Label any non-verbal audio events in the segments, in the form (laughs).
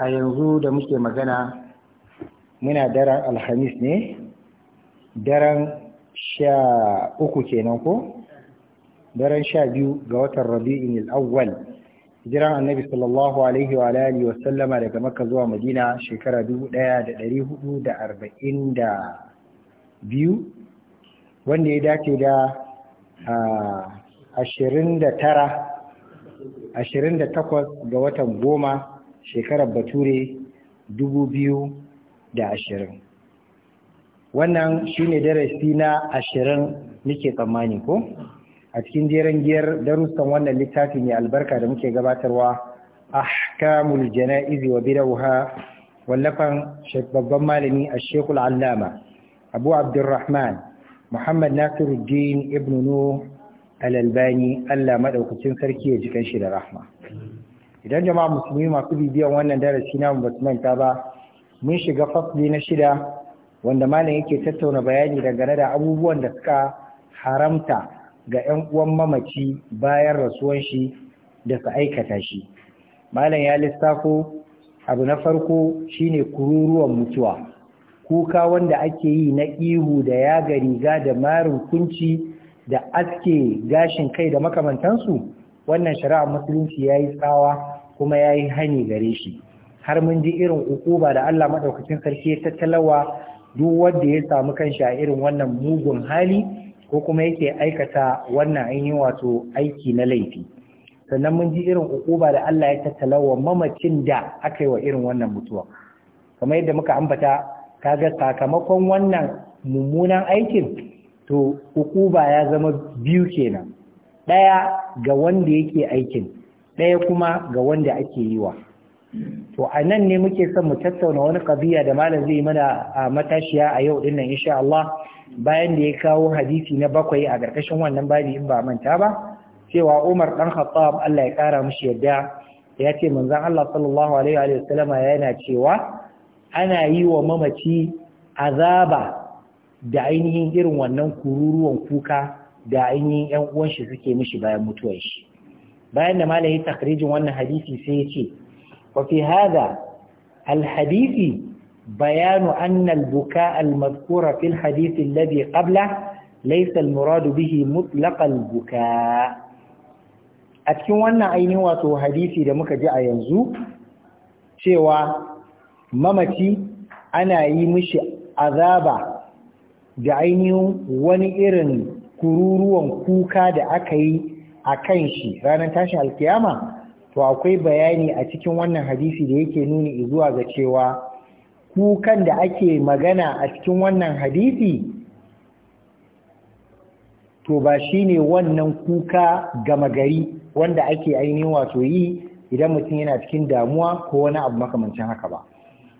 a yanzu da muke magana muna daren alhamis ne daren sha uku kenan ko daren sha biyu ga watan rabi'in al'awwal jiran annabi sallallahu alaihi wa alihi wa sallama daga makka zuwa madina shekara biyu, wanda ya dace da ashirin da tara ashirin da takwas ga watan goma shekarar bature dubu biyu da ashirin wannan shine darasi na ashirin nike tsammani ko a cikin jeren giyar darussan wannan littafi ne albarka da muke gabatarwa ahkamul jana'izi wa bidawha wallafan babban malami a shekul allama abu abdurrahman muhammad nasiruddin ibn nu al-albani allah maɗaukacin sarki ya ji kan shi da rahma idan jama'a musulmi masu bibiyan wannan darasi na ba su manta ba mun shiga fasli na shida wanda malam yake tattauna bayani dangane da abubuwan da suka haramta ga 'yan uwan mamaci bayan rasuwan shi da su aikata shi malam ya lissafo abu na farko shine kururuwan mutuwa kuka wanda ake yi na ihu da yaga riga da marin kunci da aske gashin kai da makamantansu wannan shari'ar musulunci ya yi tsawa kuma ya yi hani gare shi har mun ji irin ukuba da Allah maɗaukacin sarki ya tattalawa duk wanda ya samu kanshi a irin wannan mugun hali ko kuma yake aikata wannan ainihin wato aiki na laifi sannan mun ji irin ukuba da Allah ya tattalawa mamacin da aka yi wa irin wannan mutuwa kamar yadda muka ambata kaga sakamakon wannan mummunan aikin to ukuba ya zama biyu kenan ɗaya ga wanda yake aikin ɗaya kuma ga wanda ake yi wa to a nan ne muke son mu tattauna wani ƙabiya da malam zai mana a matashiya a yau ɗinnan insha Allah bayan da ya kawo hadisi na bakwai a ƙarƙashin wannan babi in ba manta ba cewa Umar dan Khattab Allah ya kara mishi yadda ya ce manzon Allah sallallahu alaihi wa sallama yana cewa ana yi wa mamaci azaba da ainihin irin wannan kururuwan kuka da ainihin ƴan uwan shi suke mishi bayan mutuwar shi bayan da malai takrijin wannan hadisi sai ya ce wa hada alhadisi bayanu annal buka almadhkura fil hadisi alladhi qabla laysa almuradu bihi mutlaq buka. a cikin wannan ainihin wato hadisi da muka ji a yanzu cewa mamaci ana yi mishi azaba da ainihin wani irin kururuwan kuka da aka yi a kan shi ranar tashin alkiyama to akwai bayani a cikin wannan hadisi da yake nuni zuwa ga cewa kukan da ake magana a cikin wannan hadisi to ba shine wannan kuka gama gari wanda ake ainihin wato yi idan mutum yana cikin damuwa ko wani abu makamancin haka ba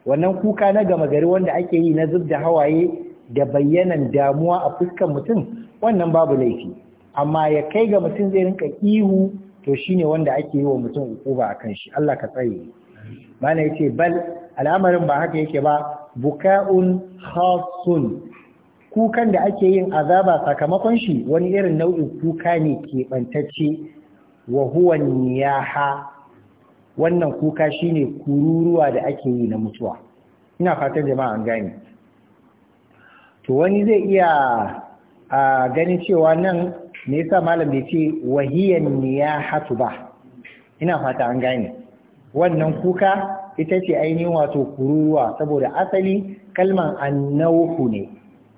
wannan kuka na gama gari wanda ake yi na zub da hawaye da bayyanan damuwa a fuskan mutum wannan babu laifi amma ya kai ga mutum zai rinka ihu to shine wanda ake yi wa mutum ukuba kan shi Allah ka tsare mana yace bal al'amarin ba haka yake ba buka'un khassun kukan da ake yin azaba sakamakon shi wani irin nau'in kuka ne keɓantacce wa huwa niyaha wannan kuka shine kururuwa da ake yi na mutuwa ina fatan jama'a an gane to wani zai iya ganin cewa nan me yasa malam bai ce wahiyan niyahatu ba ina fata an gane wannan kuka ita ce ainihin wato kururuwa saboda asali kalman annauhu ne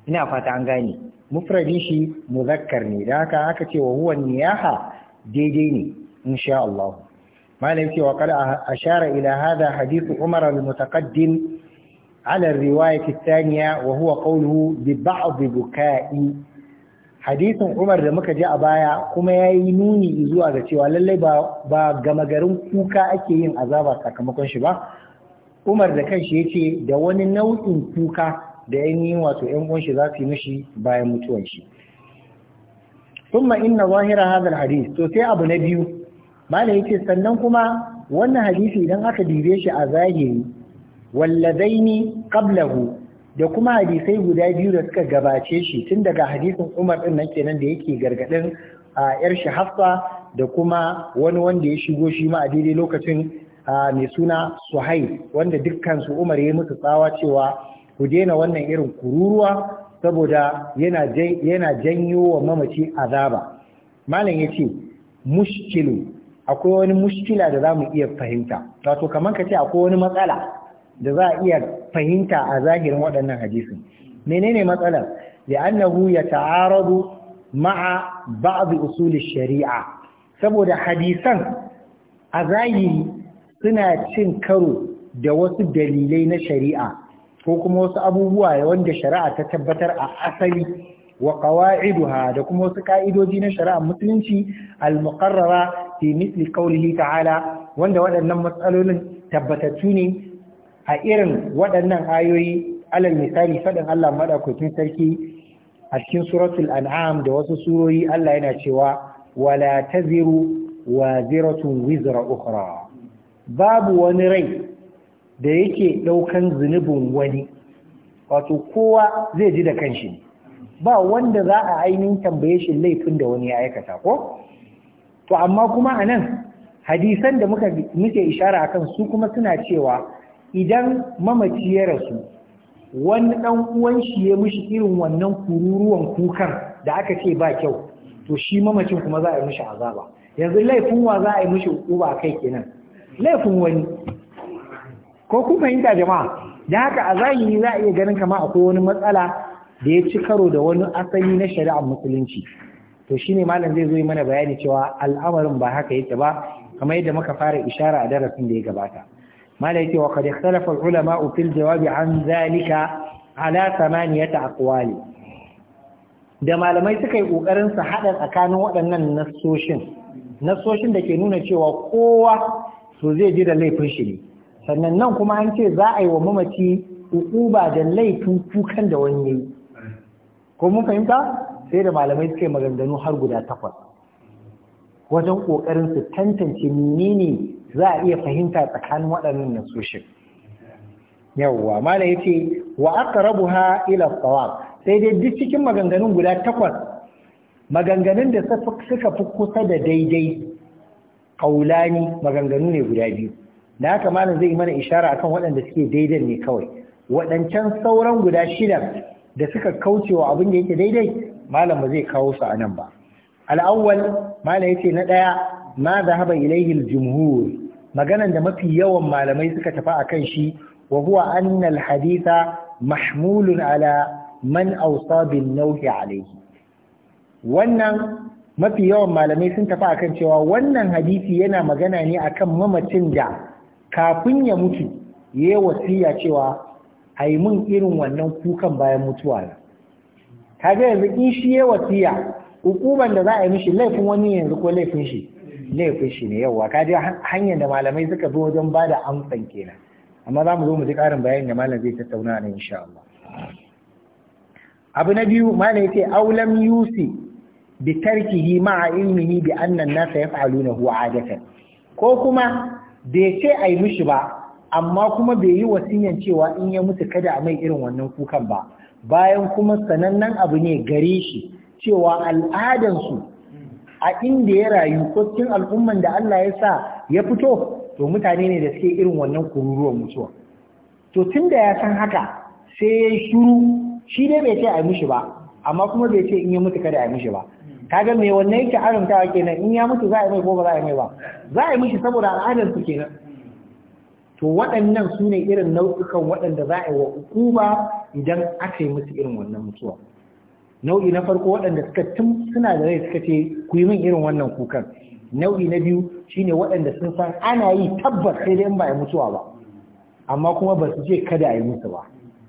ina fata an gane mufradin shi muzakkar ne da haka aka ce wa huwa niyaha daidai ne insha Allah malam ce wa share ashara ila hadha hadith Umar al-mutaqaddim على الرواية الثانية وهو قوله ببعض Buka'i. hadisin umar da muka ji a baya kuma ya yi nuni zuwa ga cewa lallai ba gama garin kuka ake yin azaba sakamakon shi ba umar da kanshi ya ce da wani nau'in kuka da yan yi wato yan ƙunshi za su yi mishi bayan mutuwan shi thumma inna zahira hadha hadis to sai abu na biyu ya ce sannan kuma wannan hadisi idan aka dire shi a zahiri walladaini qablahu da kuma hadisai guda biyu da suka gabace shi tun daga hadisin Umar din nan kenan da yake gargadin a yar shi Hafsa da kuma wani wanda ya shigo shi ma a daidai lokacin mai suna Suhai wanda dukkan su Umar ya musu tsawa cewa ku daina wannan irin kururuwa saboda yana janyo wa mamaci azaba malam yace mushkilu akwai wani mushkila da za mu iya fahimta wato kamar ka ce akwai wani matsala da za a iya fahimta a zahirin waɗannan hadisin menene matsalar li'annahu yata'aradu ma'a ba'd usul shari'a saboda hadisan a zahiri suna cin karo da wasu dalilai na shari'a ko kuma wasu abubuwa wanda shari'a ta tabbatar a asali wa qawa'iduha da kuma wasu ka'idoji na shari'a musulunci al-muqarrara fi misli qawlihi ta'ala wanda waɗannan matsalolin tabbatattu ne a irin waɗannan ayoyi alal misali faɗin Allah maɗaukakin sarki a cikin suratul an'am da wasu surori Allah yana cewa wala taziru wa ziratun wizra ukhra babu wani rai da yake ɗaukan zunubin wani wato kowa zai ji da kanshi ba wanda za a ainihin tambaye shi laifin da wani ya aikata ko to amma kuma anan hadisan da muke ishara akan su kuma suna cewa idan mamaci ya rasu wani dan uwan shi ya mishi irin wannan kururuwan kukar da aka ce ba kyau to shi mamacin kuma za a yi mishi azaba yanzu laifin wa za a yi mishi uba kai kenan laifin wani ko kun fahimta jama'a da haka a zahiri za a iya ganin kama akwai wani matsala da ya ci karo da wani asali na shari'ar musulunci to shine malam zai zo yi mana bayani cewa al'amarin ba haka yake ba kamar yadda muka fara ishara a darasin da ya gabata مالك cewa اختلف العلماء ulama fil jawabi an zalika ثمانية أقوال da malamai suka yi kokarin su hada tsakanin waɗannan nassoshin Nasoshin da ke nuna cewa kowa su zai ji da laifin shi ne sannan nan kuma an ce za a yi wa mamaci uba da laifin kukan da wani yayi ko mun fahimta sai da malamai suka yi maganganu har guda takwas wajen ƙoƙarin su tantance menene za a iya fahimta tsakanin waɗannan nasoshin yawwa mala yace wa aka rabu ha ila sawab sai dai duk cikin maganganun guda takwas maganganun da suka fi kusa da daidai ƙaulani maganganu ne guda biyu da haka malam zai mana ishara akan waɗanda suke daidai ne kawai waɗancan sauran guda shida da suka kauce wa abin da yake daidai malam ba zai kawo su a nan ba al'awwal mala yace na ɗaya, ma zahaba ilayhi al-jumhur maganan da mafi yawan malamai suka tafi akan shi wa huwa anna al-haditha mahmulun ala man awsa bin nawhi alayhi wannan mafi yawan malamai sun tafi akan cewa wannan hadisi yana magana ne akan mamacin da kafin ya mutu yi wasiya cewa ai mun irin wannan kukan bayan mutuwa kaga yanzu in shi yayi wasiya hukuman da za a yi mishi laifin wani yanzu ko laifin shi laifin shi ne yawa ka je hanyar da malamai suka zo wajen ba da amsan kenan amma za mu zo mu ji ƙarin bayani da malam zai tattauna nan insha Allah abu na biyu malam yace aulam yusi bi tarkihi ma'a ilmihi bi anna an-nasa yaf'alunahu 'adatan ko kuma bai ce ai mishi ba amma kuma bai yi wasiyan cewa in ya mutu kada a mai irin wannan kukan ba bayan kuma sanannen abu ne gare shi cewa al'adansu a inda ya rayu ko cikin al'umman da Allah ya sa ya fito to mutane ne da suke irin wannan kururuwar mutuwa to tun da ya san haka sai ya shiru shi dai bai ce a mishi ba amma kuma bai ce in ya mutu kada a mishi ba kaga mai wannan yake arantawa kenan in ya mutu za a yi mai ko ba za a yi mai ba za a yi mishi saboda al'adansu kenan to waɗannan su ne irin nau'ukan waɗanda za a yi wa hukuma idan aka yi musu irin wannan mutuwa nau'i na farko waɗanda suka tun suna da rai suka ce ku yi min irin wannan kukan nau'i na biyu shine waɗanda sun san ana yi tabbas sai dai in ba a mutuwa ba amma kuma ba su je kada a yi musu ba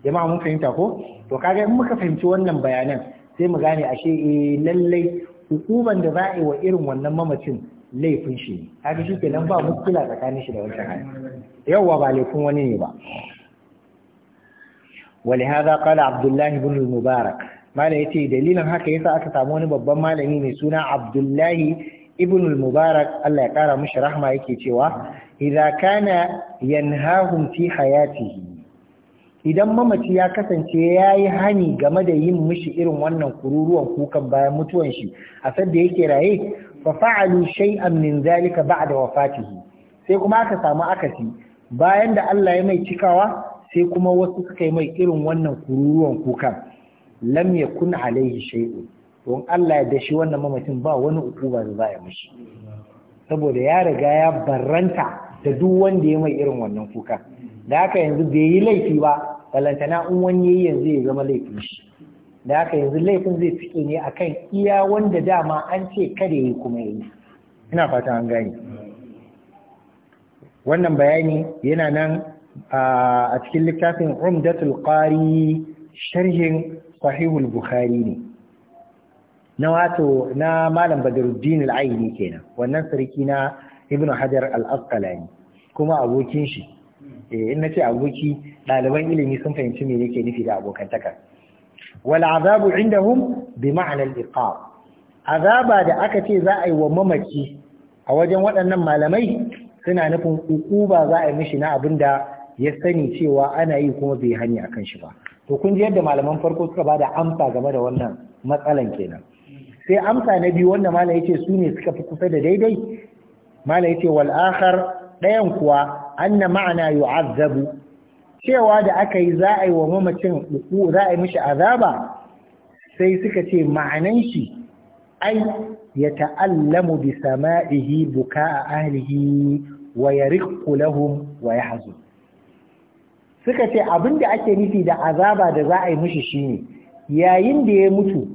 jama'a mun fahimta ko to kaga in muka fahimci wannan bayanan sai mu gane ashe eh lallai hukuman da za a yi wa irin wannan mamacin laifin shi ne kaga shi kenan ba muskila tsakanin shi da wancan hali yawwa ba laifin wani ne ba ولهذا قال عبد الله بن المبارك malam yace dalilin haka yasa aka samu wani babban malami mai suna Abdullahi ibn al-Mubarak Allah ya kara mishi rahma yake cewa idza kana yanhahum fi hayatihi idan mamaci ya kasance yayi hani game da yin mishi irin wannan kururuwan kukan bayan mutuwan shi a sanda yake raye fa fa'alu shay'an min zalika ba'da wafatihi sai kuma aka samu akasi bayan da Allah ya mai cikawa sai kuma wasu suka yi mai irin wannan kururuwan kukan lam yakun alaihi shay'u don Allah ya dashi wannan mamacin ba wani uku ba za ya mishi saboda ya riga ya barranta da duk wanda ya mai irin wannan kuka da haka yanzu bai yi laifi ba balantana in wani yayi yanzu ya zama laifin shi da haka yanzu laifin zai fike ne akan iya wanda dama an ce kada yi kuma yayi ina fata an gane wannan bayani yana nan a cikin littafin umdatul qari sharhin sahihul bukhari ne na wato na malam badruddin al-aini kenan wannan sarki na ibn hajar al-asqalani kuma abokin shi eh, in nace aboki ɗaliban ilimi sun fahimci me yake nufi da abokantaka wal azabu indahum bi ma'na al-iqab azaba da aka ce za a yi wa mamaci a wajen waɗannan malamai suna nufin ukuba za a yi mishi na abin da ya sani cewa ana yi kuma bai hani akan shi ba to kun ji yadda malaman farko suka bada amsa game da wannan matsalan kenan sai amsa na biyu wanda malam yace su ne suka fi kusa da daidai malam yace wal akhar dayan kuwa anna ma'ana yu'azzabu cewa da aka yi za a yi wa mamacin uku za a yi mishi azaba sai suka ce ma'anan shi ai ya ta'allamu bi sama'ihi buka'a ahlihi wa yariqu lahum wa yahzun suka ce abin da ake nufi da azaba da za a yi mishi shine yayin da ya mutu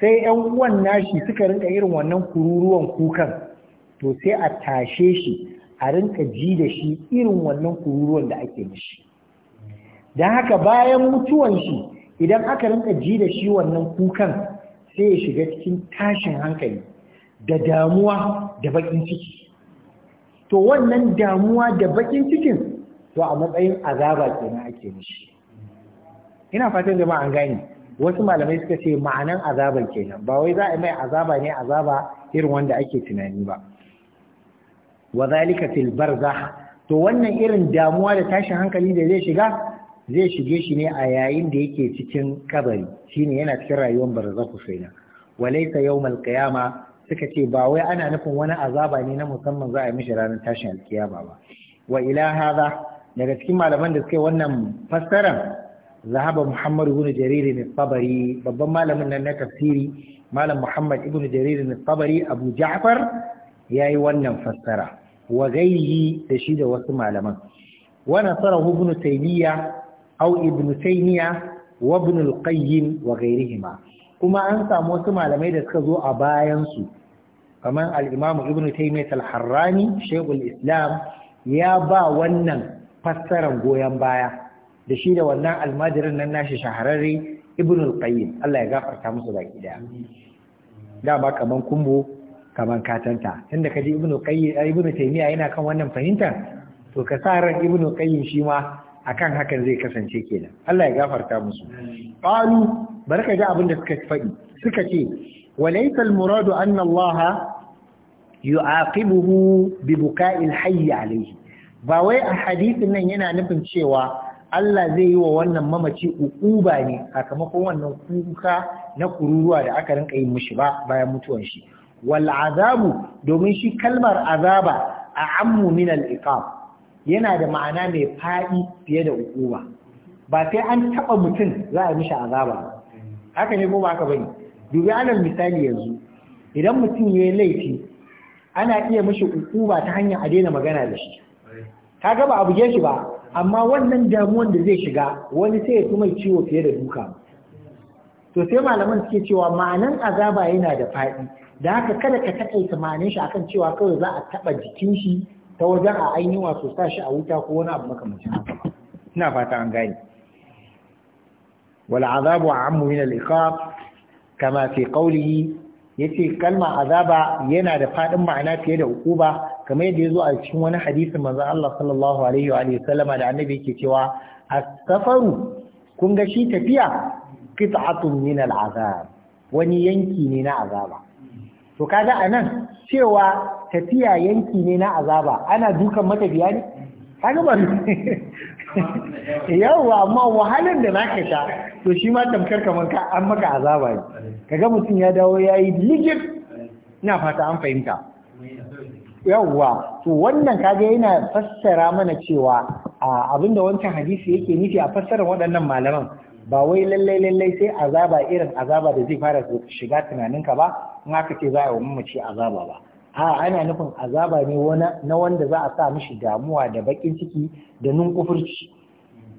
sai ‘yan uwan nashi suka rinka irin wannan kururuwan kukan to sai a tashe shi a rinka ji da shi irin wannan kururuwan da ake mishi don haka bayan mutuwan shi idan aka rinka ji da shi wannan kukan sai ya shiga cikin tashin hankali da damuwa da bakin ciki to wannan damuwa da bakin cikin to a matsayin azaba kenan ake mishi ina fatan jama'a an gane wasu malamai suka ce ma'anan azaban kenan ba wai za a mai azaba ne azaba irin wanda ake tunani ba wa zalika fil barzakh to wannan irin damuwa da tashin hankali da zai shiga zai shige shi ne a yayin da yake cikin kabari shine yana cikin rayuwar barzakhu kenan walaysa yawmal qiyama suka ce ba wai ana nufin wani azaba ne na musamman za a yi mishi ranar tashin alkiyama ba wa ila hadha daga cikin malaman da yi wannan fassara zahaba muhammad ibn jarir ne tabari babban malamin nan na tafsiri malam muhammad ibn jarir ne tabari abu ja'far yayi wannan fassara wa gairi da shi da wasu malaman wa nasarahu ibn taymiya aw ibn taymiya wa ibn al-qayyim wa kuma an samu wasu malamai da suka zo a bayan su kamar al-imam ibn taymiyyah al-harrani shaykhul islam ya ba wannan fassarar goyon baya da shi da wannan almajirin nan nashi shahararre ibn al-qayyim Allah ya gafarta musu baki daya dama kaman kumbo kaman katanta tunda kaji ibn al-qayyim ibn taymiya yana kan wannan fahimtar to ka sa ran ibn al-qayyim shi ma akan hakan zai kasance kenan Allah ya gafarta musu qalu barka ji abin da suka faɗi suka ce walaysa al-muradu anna Allah yu'aqibuhu bi buka'il hayy alayhi ba wai a hadisin nan yana nufin cewa Allah zai yi wa wannan mamaci ukuba ne sakamakon wannan kuka na kururuwa da aka rinka yi mishi ba bayan mutuwan shi wal azabu domin shi kalmar azaba a ammu min al iqab yana da ma'ana mai fadi fiye da ukuba ba sai an taba mutum za a mishi azaba haka ne ko ba haka bane dubi alal misali yanzu idan mutum yayi laifi ana iya mishi ukuba ta hanyar a daina magana da shi ka ga ba a buge shi ba amma wannan damuwan da zai shiga wani sai ya fi mai ciwo fiye da duka to sai malaman suke cewa ma'anan azaba yana da faɗi da haka kada ka takaita ma'anin shi akan cewa kawai za a taɓa jikin shi ta wajen a ainihin wato sa shi a wuta ko wani abu makamancin haka ina fata an gane wal azabu ammu min al iqab kama fi qawlihi yace kalma azaba yana da fadin ma'ana fiye da ukuba kamar yadda yazo a cikin wani hadisin manzo Allah sallallahu alaihi wa sallama da annabi yake cewa as-safaru kun ga shi tafiya qit'atun min al-azab wani yanki ne na azaba to kaga anan cewa tafiya yanki ne na azaba ana dukan matafiya ne kaga ba amma wahalar da naka ta to shi ma tamkar kamar ka an maka azaba ne kaga mutum ya dawo ya yi ligir ina fata an fahimta Yawwa, to wannan kaga yana fassara mana cewa a abinda wancan hadisi yake nufi a fassara waɗannan malaman ba wai lallai lallai sai azaba irin azaba da zai fara shiga tunaninka ba in aka ce za a yi wa mamaci azaba ba a ana nufin azaba ne na wanda za a sa mishi damuwa da bakin ciki da nunkufurci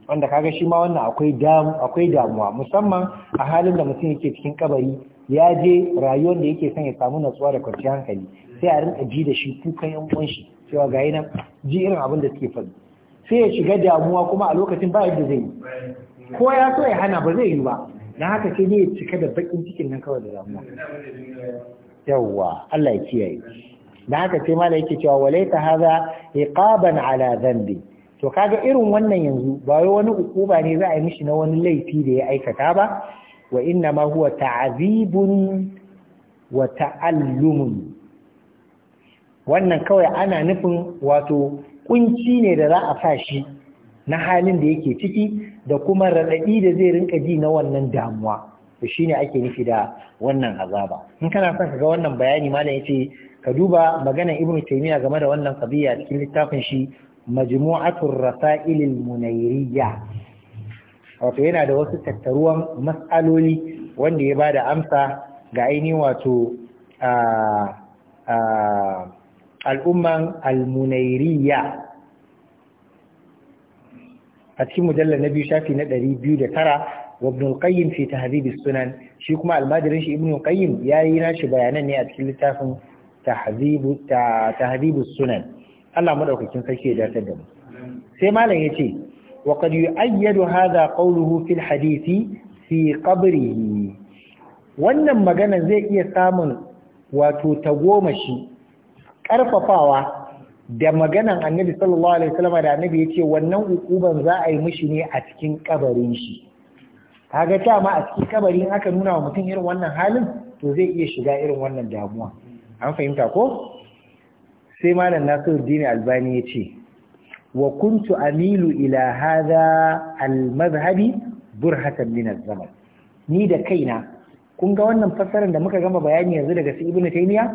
wanda kaga shi ma wannan akwai damu damuwa musamman a halin da mutum yake cikin kabari ya je rayuwar da yake son ya samu natsuwa da kwanciyar hankali sai a rinka ji da shi kukan yan uwan shi cewa ga yi nan ji irin abin da suke faɗi sai ya shiga damuwa kuma a lokacin ba yadda zai yi ko ya so ya hana ba zai yi ba na haka sai ne ya cika da bakin cikin nan kawai da damuwa yawwa Allah ya kiyaye da haka sai mala yake cewa walaita haza iqaban ala dhanbi to kaga irin wannan yanzu ba wai wani ukuba ne za a yi mishi na wani laifi da ya aikata ba wa inna ma huwa ta'zibun wa ta'allum wannan kawai ana nufin wato kunci ne da za a sa shi na halin da yake ciki da kuma raɗaɗi da zai rinka ji na wannan damuwa to shine ake nufi da wannan azaba in kana son ka ga wannan bayani malam yace ka duba maganar ibn taymiya game da wannan qadiya cikin littafin shi majmu'atul rasail al munayriya wato yana da wasu tattaruwan mas'aloli wanda ya bada amsa ga ainihin wato al'umman al-munayriya a cikin mujallar na biyu shafi na ɗari biyu da tara wa ibn qayyim fi tahdhib sunan shi kuma almajirin shi ibn qayyim yayi nashi bayanan ne a cikin littafin Ta tahzibu sunan Allah madaukakin sarki ya dace da mu sai malam yace wa qad yu'ayyadu hadha qawluhu fil hadisi fi qabrihi wannan magana zai iya samun wato tagomashi karfafawa da maganan annabi sallallahu alaihi wasallam da annabi yace wannan hukuban za a yi mishi ne a cikin kabarin shi kaga ta ma a cikin kabarin aka nuna wa mutum irin wannan halin to zai iya shiga irin wannan damuwa an fahimta ko sai malam Nasiru dini albani ya ce wa kuntu amilu ila hadha al burhatan min ni da kaina kun ga wannan fassarar da muka gama bayani yanzu daga su ibnu taymiya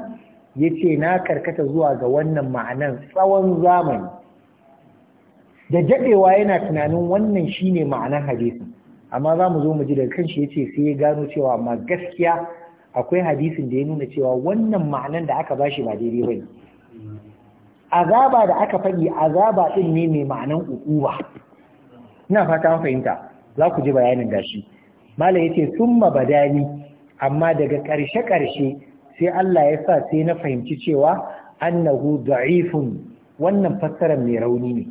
yace na karkata zuwa ga wannan ma'anar tsawon zamani da jadewa yana tunanin wannan shine ma'anar hadisi amma za mu zo mu ji daga kanshi yace sai ya gano cewa amma gaskiya akwai hadisin da ya nuna cewa wannan ma'anan da aka bashi ba daidai ba ne azaba da aka faɗi azaba ɗin ne mai ma'anan ukuwa ina fata an fahimta za ku ji bayanin gashi mala ce summa badani amma daga ƙarshe ƙarshe sai Allah ya sa sai na fahimci cewa annahu da'ifun wannan fassarar mai rauni ne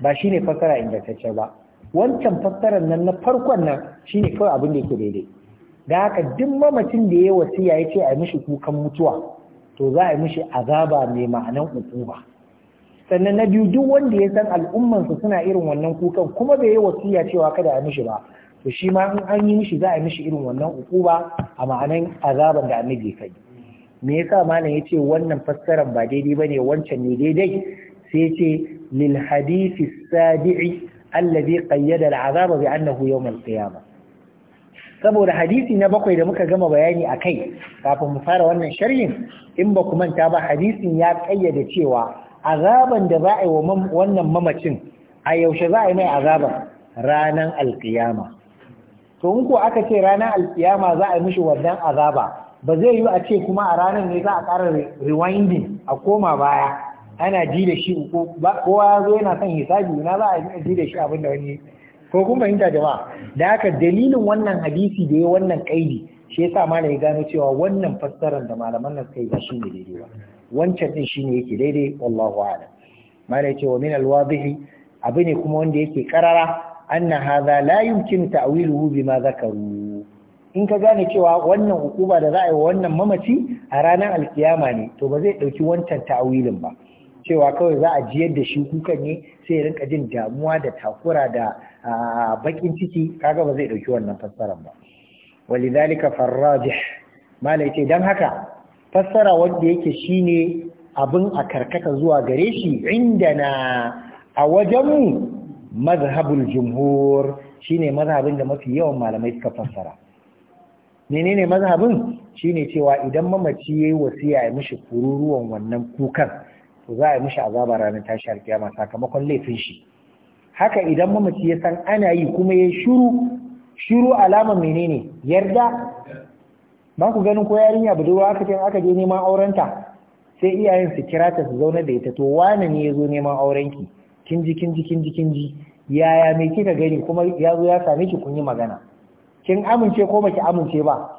ba shine fassara ingantacce ba wancan fassarar nan na farkon nan shine kawai abin da yake daidai da haka duk mamacin da ya wasiya ya ce a mishi kukan mutuwa to za a mishi azaba mai ma'anan ukuba sannan na biyu duk wanda ya san al'ummansa suna irin wannan kukan kuma bai yi wasiya cewa kada a mishi ba to shi ma in an yi mishi za a mishi irin wannan ukuba a ma'anan azaban da annabi ya kai me yasa malam yace wannan fassarar ba daidai bane wancan ne daidai sai yace lil hadisi sadi'i alladhi qayyada al'azaba bi annahu yawm saya ba. saboda hadisi na bakwai da muka gama bayani a kai kafin mu fara wannan sharhin in ba ku manta ba hadisin ya kayyade cewa azaban da za a yi wa wannan mamacin a yaushe za a yi mai azaban ranan alkiyama to in ko aka ce ranar alkiyama za a yi mishi wannan azaba ba zai yi a ce kuma a ranar ne za a ƙara rewinding a koma baya ana ji da shi kowa ya zo yana son hisabi na za a ji da shi abin da wani ko kun fahimta jama'a da haka dalilin wannan hadisi da ya wannan kaidi shi yasa mana ya gano cewa wannan fassarar da malaman nan suka yi ba shi ne daidai ba wancan din shine yake daidai wallahu a'lam malam cewa wa min alwadhihi abu ne kuma wanda yake karara anna hadha la yumkin ta'wiluhu bima zakaru in ka gane cewa wannan hukuma da za a yi wa wannan mamaci a ranar alkiyama ne to ba zai dauki wancan ta'wilin ba cewa kawai za a jiyar da shi kukan ne sai ya rinka jin damuwa da takura da bakin ciki kaga ba zai dauki wannan fassarar ba walidhalika farrajih mala yace dan haka fassara wanda yake shine abin a karkata zuwa gare shi indana a wajenmu mazhabul jumhur shine mazhabin da mafi yawan malamai suka fassara menene mazhabin shine cewa idan mamaci yayi wasiya ya mishi kururuwan wannan kukan to za a yi mishi azaba ranar tashi alkiyama sakamakon laifin shi haka idan mamaci ya san ana yi kuma ya shiru shuru alama menene yarda ba ku ganin ko yarinya budurwa aka ce aka je neman aurenta sai iyayen su kira ta su zauna da ita to wani ne ya zo neman aurenki kin ji kin ji kin ji kin ji yaya me kika gani kuma ya ya same ki kun yi magana kin amince ko baki amince ba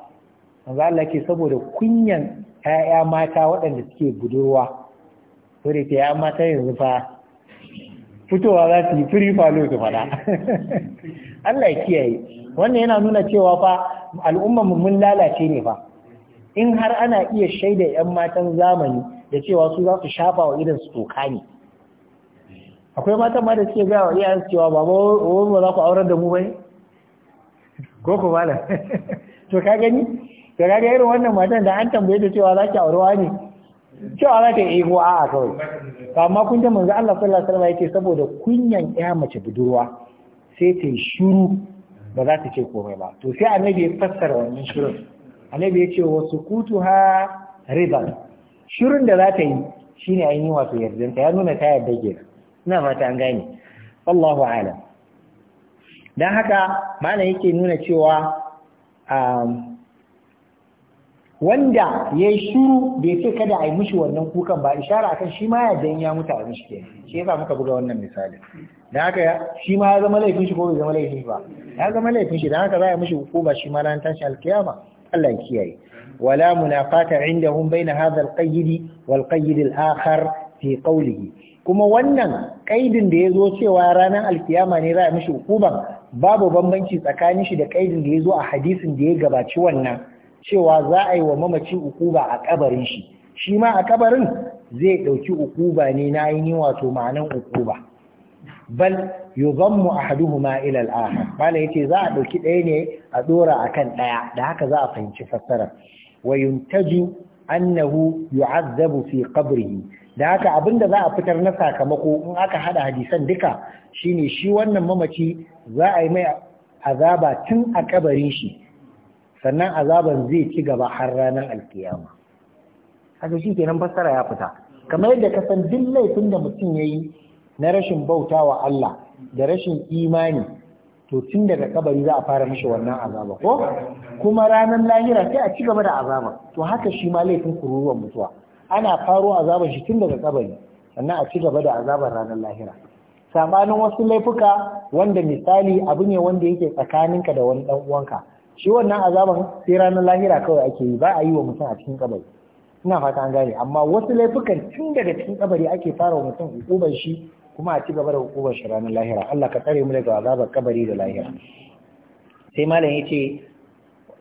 manzo Allah ke saboda kunyan ƴaƴa mata waɗanda suke budurwa ko da yi ya mata yanzu fa fitowa za su yi firi falo su fada (laughs) Allah ya kiyaye wannan yana nuna cewa fa al'umman mu mun lalace ne fa in har ana iya shaida yan matan zamani da cewa su za su shafa wa irin su toka ne akwai matan ma da suke gaya wa iyayen cewa baba wani ba za ku aurar da mu bane ko ku bala (laughs) to ka gani Da ka ga irin wannan matan da an tambaye da cewa za ki aurewa ne cewa za ta yi ko a'a kawai amma kun ji manzo Allah sallallahu alaihi wasallam yake saboda kunyan ya mace budurwa sai ta yi shiru ba za ta ce komai ba to sai annabi ya fassara wannan shirin annabi ya ce wasu kutu ha ridan shirin da za ta yi shine an yi wato yardanta ya nuna ta yarda ke ina fata an gane wallahu a'lam dan haka malam yake nuna cewa um, wanda ya yi shuru bai ce kada a yi mishi wannan kukan ba ishara akan shi ma ya dan ya mutu a mishi kenan shi yasa muka buga wannan misali dan haka shi ma ya zama laifin shi ko bai zama laifin shi ba ya zama laifin shi da haka za a yi mishi hukuma shi ma ran tashi alkiyama Allah ya kiyaye wala munafata indahum baina hadha alqayd walqayd alakhar fi qawlihi kuma wannan kaidin da yazo cewa ranar alkiyama ne za a mishi hukuman babu bambanci tsakanin shi da kaidin da yazo a hadisin da ya gabaci wannan cewa za a yi wa mamaci ukuba a kabarin shi shi ma a kabarin zai ɗauki ukuba ne na yi wato ma'anan ukuba bal yuzammu ahaduhuma ila al-akhar bala ce za a ɗauki ɗaya ne a a kan ɗaya da haka za a fahimci fassara wa yuntaju annahu yu'azzabu fi qabrihi da haka abinda za a fitar na sakamako in aka hada hadisan duka shine shi wannan mamaci za a yi mai azaba tun a kabarin shi sannan azaban zai ci gaba har ranar alkiyama haka shi kenan fassara ya fita kamar yadda ka san duk laifin da mutum ya yi na rashin bauta wa Allah da rashin imani to tun daga kabari za a fara mishi wannan azaba ko kuma ranar lahira sai a ci gaba da azaba to haka shi ma laifin kururuwan mutuwa ana faro azaban shi tun daga kabari sannan a ci gaba da azaban ranar lahira sabanin wasu laifuka wanda misali abu ne wanda yake tsakaninka da wani dan uwanka shi wannan azaban sai ranar lahira kawai ake yi ba a yi wa mutum a cikin kabari ina fata an gane amma wasu laifukan tun daga cikin kabari ake fara wa mutum hukubar shi kuma a ci gaba da hukubar shi ranar lahira Allah ka tsare mu daga azabar kabari da lahira sai malam yace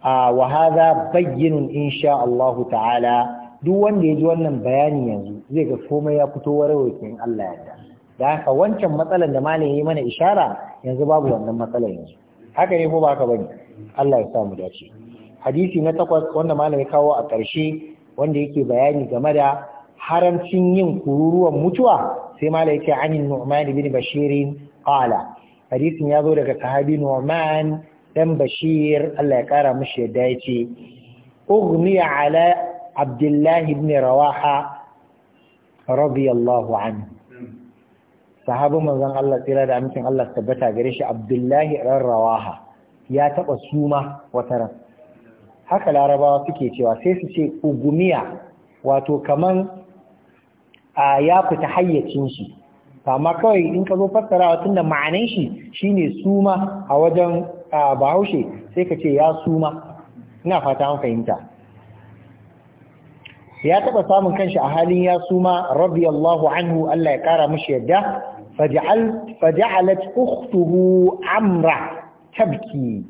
a wa hadha bayyinun insha Allah ta'ala duk wanda ya ji wannan bayani yanzu zai ga komai ya fito warware in Allah ya da haka wancan matsalar da malam yi mana ishara yanzu babu wannan matsalar yanzu haka ne ko ba haka bane Allah ya sa mu dace hadisi na takwas wanda malami ya kawo a ƙarshe wanda yake bayani game da haramcin yin kururuwan mutuwa sai malam yake anin Nu'man ibn Bashir qala hadisin ya zo daga sahabi Nu'man dan Bashir Allah ya kara mishi yadda yace ugniya ala Abdullahi ibn Rawaha radiyallahu anhu sahabin manzon Allah tsira da amincin Allah tabbata gare shi Abdullahi ran rawaha ya taba suma wata ran haka larabawa suke cewa sai su ce ugumiya wato kaman a ya fita hayyacin shi amma kawai in ka zo fassarawa tunda ma'anan shi shine suma a wajen bahaushe sai ka ce ya suma ina fata an fahimta ya taba samun kanshi a halin ya suma radiyallahu anhu Allah ya kara mishi yadda faj'al faj'alat ukhtuhu amra tabki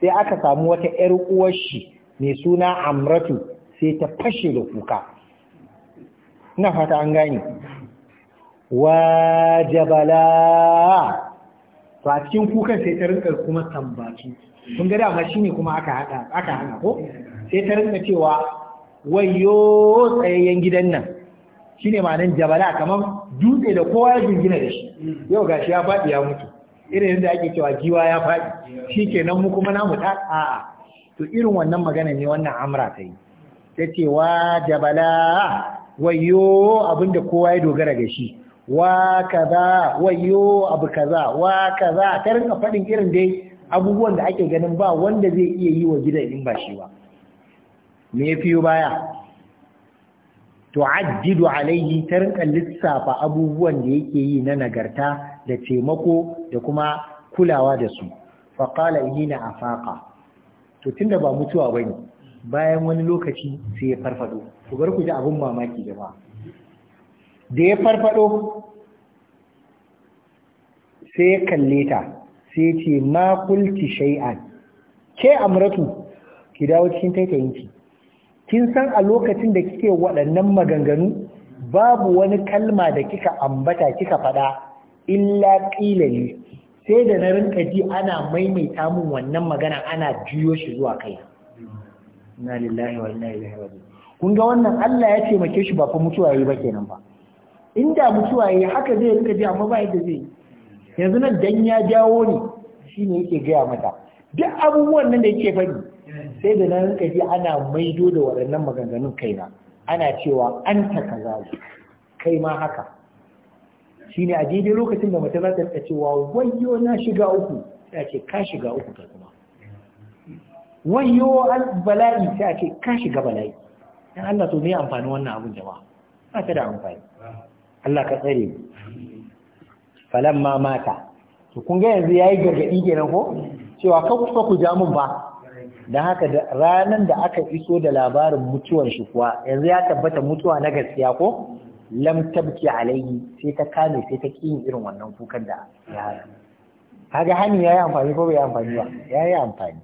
sai aka samu wata yar uwar shi mai suna amratu sai ta fashe da kuka ina fata an gane wajabala to a cikin kukan sai ta rinka kuma tambaci kun ga dama shine kuma aka hada aka hana ko sai ta rinka cewa wayo tsayayyen gidan nan shine ma'anin jabala kamar dutse da kowa ya jingina da shi yau gashi ya faɗi ya mutu irin yadda ake cewa giwa ya faɗi shi ke nan mu kuma namu ta a'a to irin wannan magana ne wannan amra ta yi ta ce wa jabala wayo abinda kowa ya dogara da shi wa kaza wayo abu kaza wa kaza ta rinka faɗin irin dai abubuwan da ake ganin ba wanda zai iya yi wa gidan in ba shi ba me ya fiyo baya To tu'addidu alaihi ta rinka lissafa abubuwan da yake yi na nagarta da taimako da kuma kulawa da su faƙala a faƙa. to tunda ba mutuwa ba ne, bayan wani lokaci sai ya farfado ku bar ku ji abun mamaki ba. da ya farfado sai ya kalle ta sai ce ma shai'an. ke amratu ki dawo cikin taitayinki kin san a lokacin da kike waɗannan maganganu babu wani kalma da kika ambata kika faɗa illa ƙilali sai da na rinka ji ana maimaita min wannan magana ana juyo shi zuwa kai na lillahi wa inna ilaihi raji'un kun ga wannan Allah ya make shi ba fa mutuwa yi ba kenan ba inda mutuwa yi haka zai rinka ji amma ba yadda zai yanzu nan dan ya jawo ni shine yake gaya mata duk abubuwan nan da yake faɗi sai da na rinka ana maido da waɗannan maganganun kaina ana cewa an ta kaza kai ma haka shine a daidai lokacin da mutum zai ta cewa wayyo na shiga uku sai ce ka shiga uku ka kuma wayo al bala'i sai a ce ka shiga bala'i dan Allah to me amfani wannan abun jama'a ba ta da amfani Allah ka tsare mu falamma mata to kun ga yanzu yayi gargadi kenan ko cewa ka kusa ku ja mun ba da haka ranar da aka iso da labarin mutuwar shi kuwa yanzu ya tabbata mutuwa na gaskiya ko lam tabki alayhi sai ta kame sai ta kiyin irin wannan kukan da ya hana kaga hani yayi amfani ko bai amfani ba yayi amfani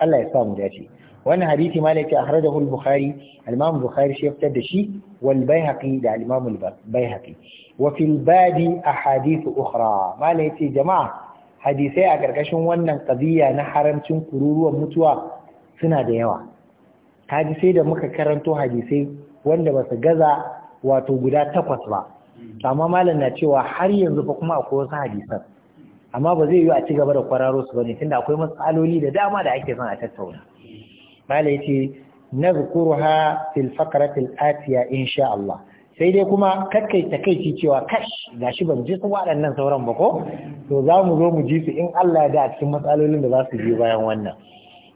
Allah ya sa mu dace wannan hadisi malaki akhrajahu al-bukhari al-imam bukhari shi fitar da shi wal baihaqi da al-imam al-baihaqi wa fil badi ahadith ukhra malaki jama'a hadisai a ƙarƙashin wannan ƙaziyya na haramcin kururuwan mutuwa suna da yawa hadisai da muka karanto hadisai wanda ba su gaza wato guda takwas ba amma malam na cewa har yanzu ba kuma akwai wasu hadisan amma ba zai yi a ci gaba da kwararo su bane tunda akwai matsaloli da dama da ake son a tattauna malam yace nazkuruha fil faqratil atiya insha Allah sai dai kuma kakkai takaici cewa kash gashi ban ji su waɗannan sauran ba ko to za mu zo mu ji su in Allah ya da a cikin matsalolin da za su biyo bayan wannan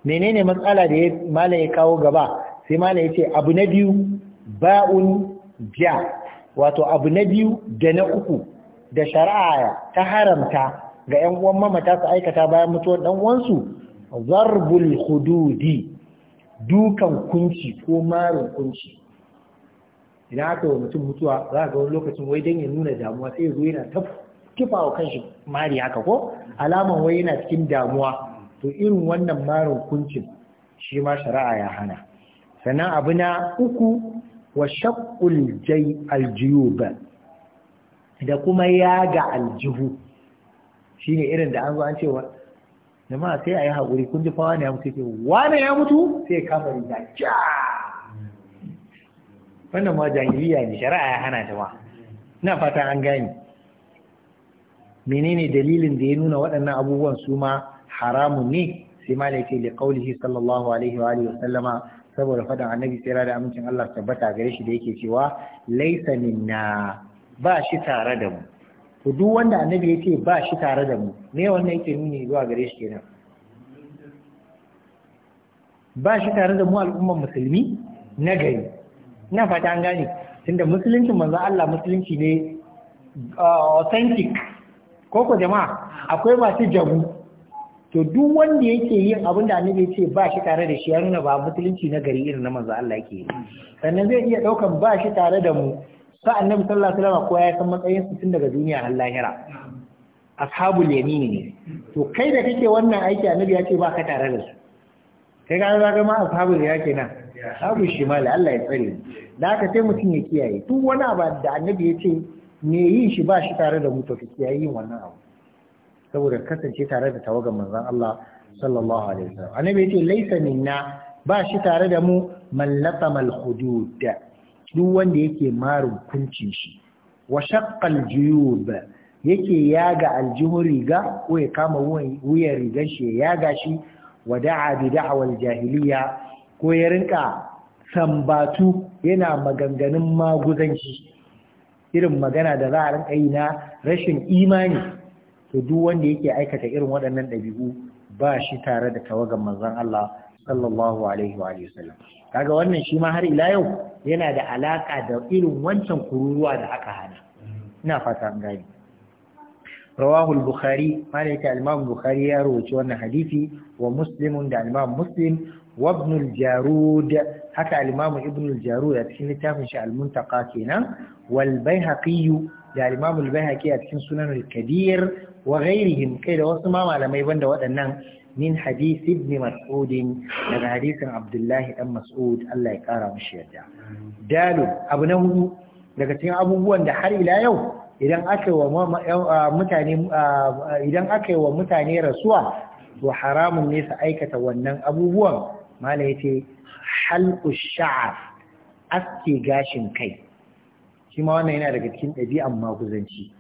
menene matsala da malam ya kawo gaba sai malam ya ce abu na biyu ba'un ja wato abu na biyu da na uku da shari'a ta haramta ga 'yan uwan mamata su aikata bayan mutuwar dan uwansu zarbul hududi dukan kunci ko marin kunci idan aka wa mutum mutuwa za ga wani lokacin wai dan ya nuna damuwa sai ya zo yana ta kifa wa kanshi mari haka ko alaman wai yana cikin damuwa to irin wannan marin kuncin shi ma shari'a ya hana sannan abu na uku wa shaqqul jay ba da kuma yaga aljihu shine irin da an zo an cewa jama'a sai a yi hakuri kun ji fa wani ya mutu sai wani ya mutu sai da ja wannan ma jahiliya ne shari'a ya hana ta ma ina fatan an gane menene dalilin da ya nuna waɗannan abubuwan su ma haramun ne sai ma laifin da kaulihi sallallahu alaihi wa alihi wasallama saboda faɗin annabi tsira da amincin Allah tabbata gare shi da yake cewa laisa minna ba shi tare da mu to duk wanda annabi yake ba shi tare da mu me wannan yake nuni zuwa gare shi kenan ba shi tare da mu al'umman musulmi na gari ina fata an gane tunda musuluncin manzo Allah musulunci ne ah, authentic ko ko jama'a akwai masu jabu to duk wanda yake yin abin da annabi ce ba shi tare da shi ya nuna ba musulunci na gari irin na manzo Allah yake sannan zai iya daukan ba shi tare da mu sa annabi sallallahu alaihi wasallam ko ya san matsayin su tun daga duniya har lahira ashabul yamin ne to kai da kake wannan aiki annabi ya ce ba ka tare da su kai ga ga ma ashabul ya kenan Abu shimali Allah ya tsare da aka sai mutum ya kiyaye Tun wani abu da annabi ya ce me yin shi ba shi tare da mu to kiyaye yin wannan abu saboda kasance tare da tawagan manzon Allah sallallahu alaihi wasallam annabi ya ce laisa minna ba shi tare da mu mallaka latama al-hudud duk wanda yake marun kuncin shi wa shaqqal juyub yake yaga aljihun riga ko ya kama wuyan rigar shi ya yaga shi wa da'a bi da'wal jahiliya ko ya rinka sambatu yana maganganun maguzanci irin magana da za a rinka yi na rashin imani to duk wanda yake aikata irin waɗannan ɗabi'u ba shi tare da tawagan manzon Allah sallallahu alaihi wa wasallam kaga wannan shi ma har ila yau yana da alaka da irin wancan kururuwa da aka hana ina fata an gani Rawahul bukhari malaka al-imam bukhari ya rawaci wannan hadisi wa muslimun da al-imam muslim wabnul jarud haka alimamu ibnul jarud a cikin littafin shi almuntaka kenan wal bayhaqiyu da alimamu albayhaqi a cikin sunan al-kadir kai da wasu ma malamai banda waɗannan min hadith ibn mas'ud daga hadithin abdullahi dan mas'ud Allah ya kara mishi yarda dalu abu na hudu daga cikin abubuwan da har ila yau idan aka wa mutane idan aka yi wa mutane rasuwa to haramun ne su aikata wannan abubuwan mala yace halqu sha'ar aske gashin kai shi ma wannan yana daga cikin ɗabi'an maguzanci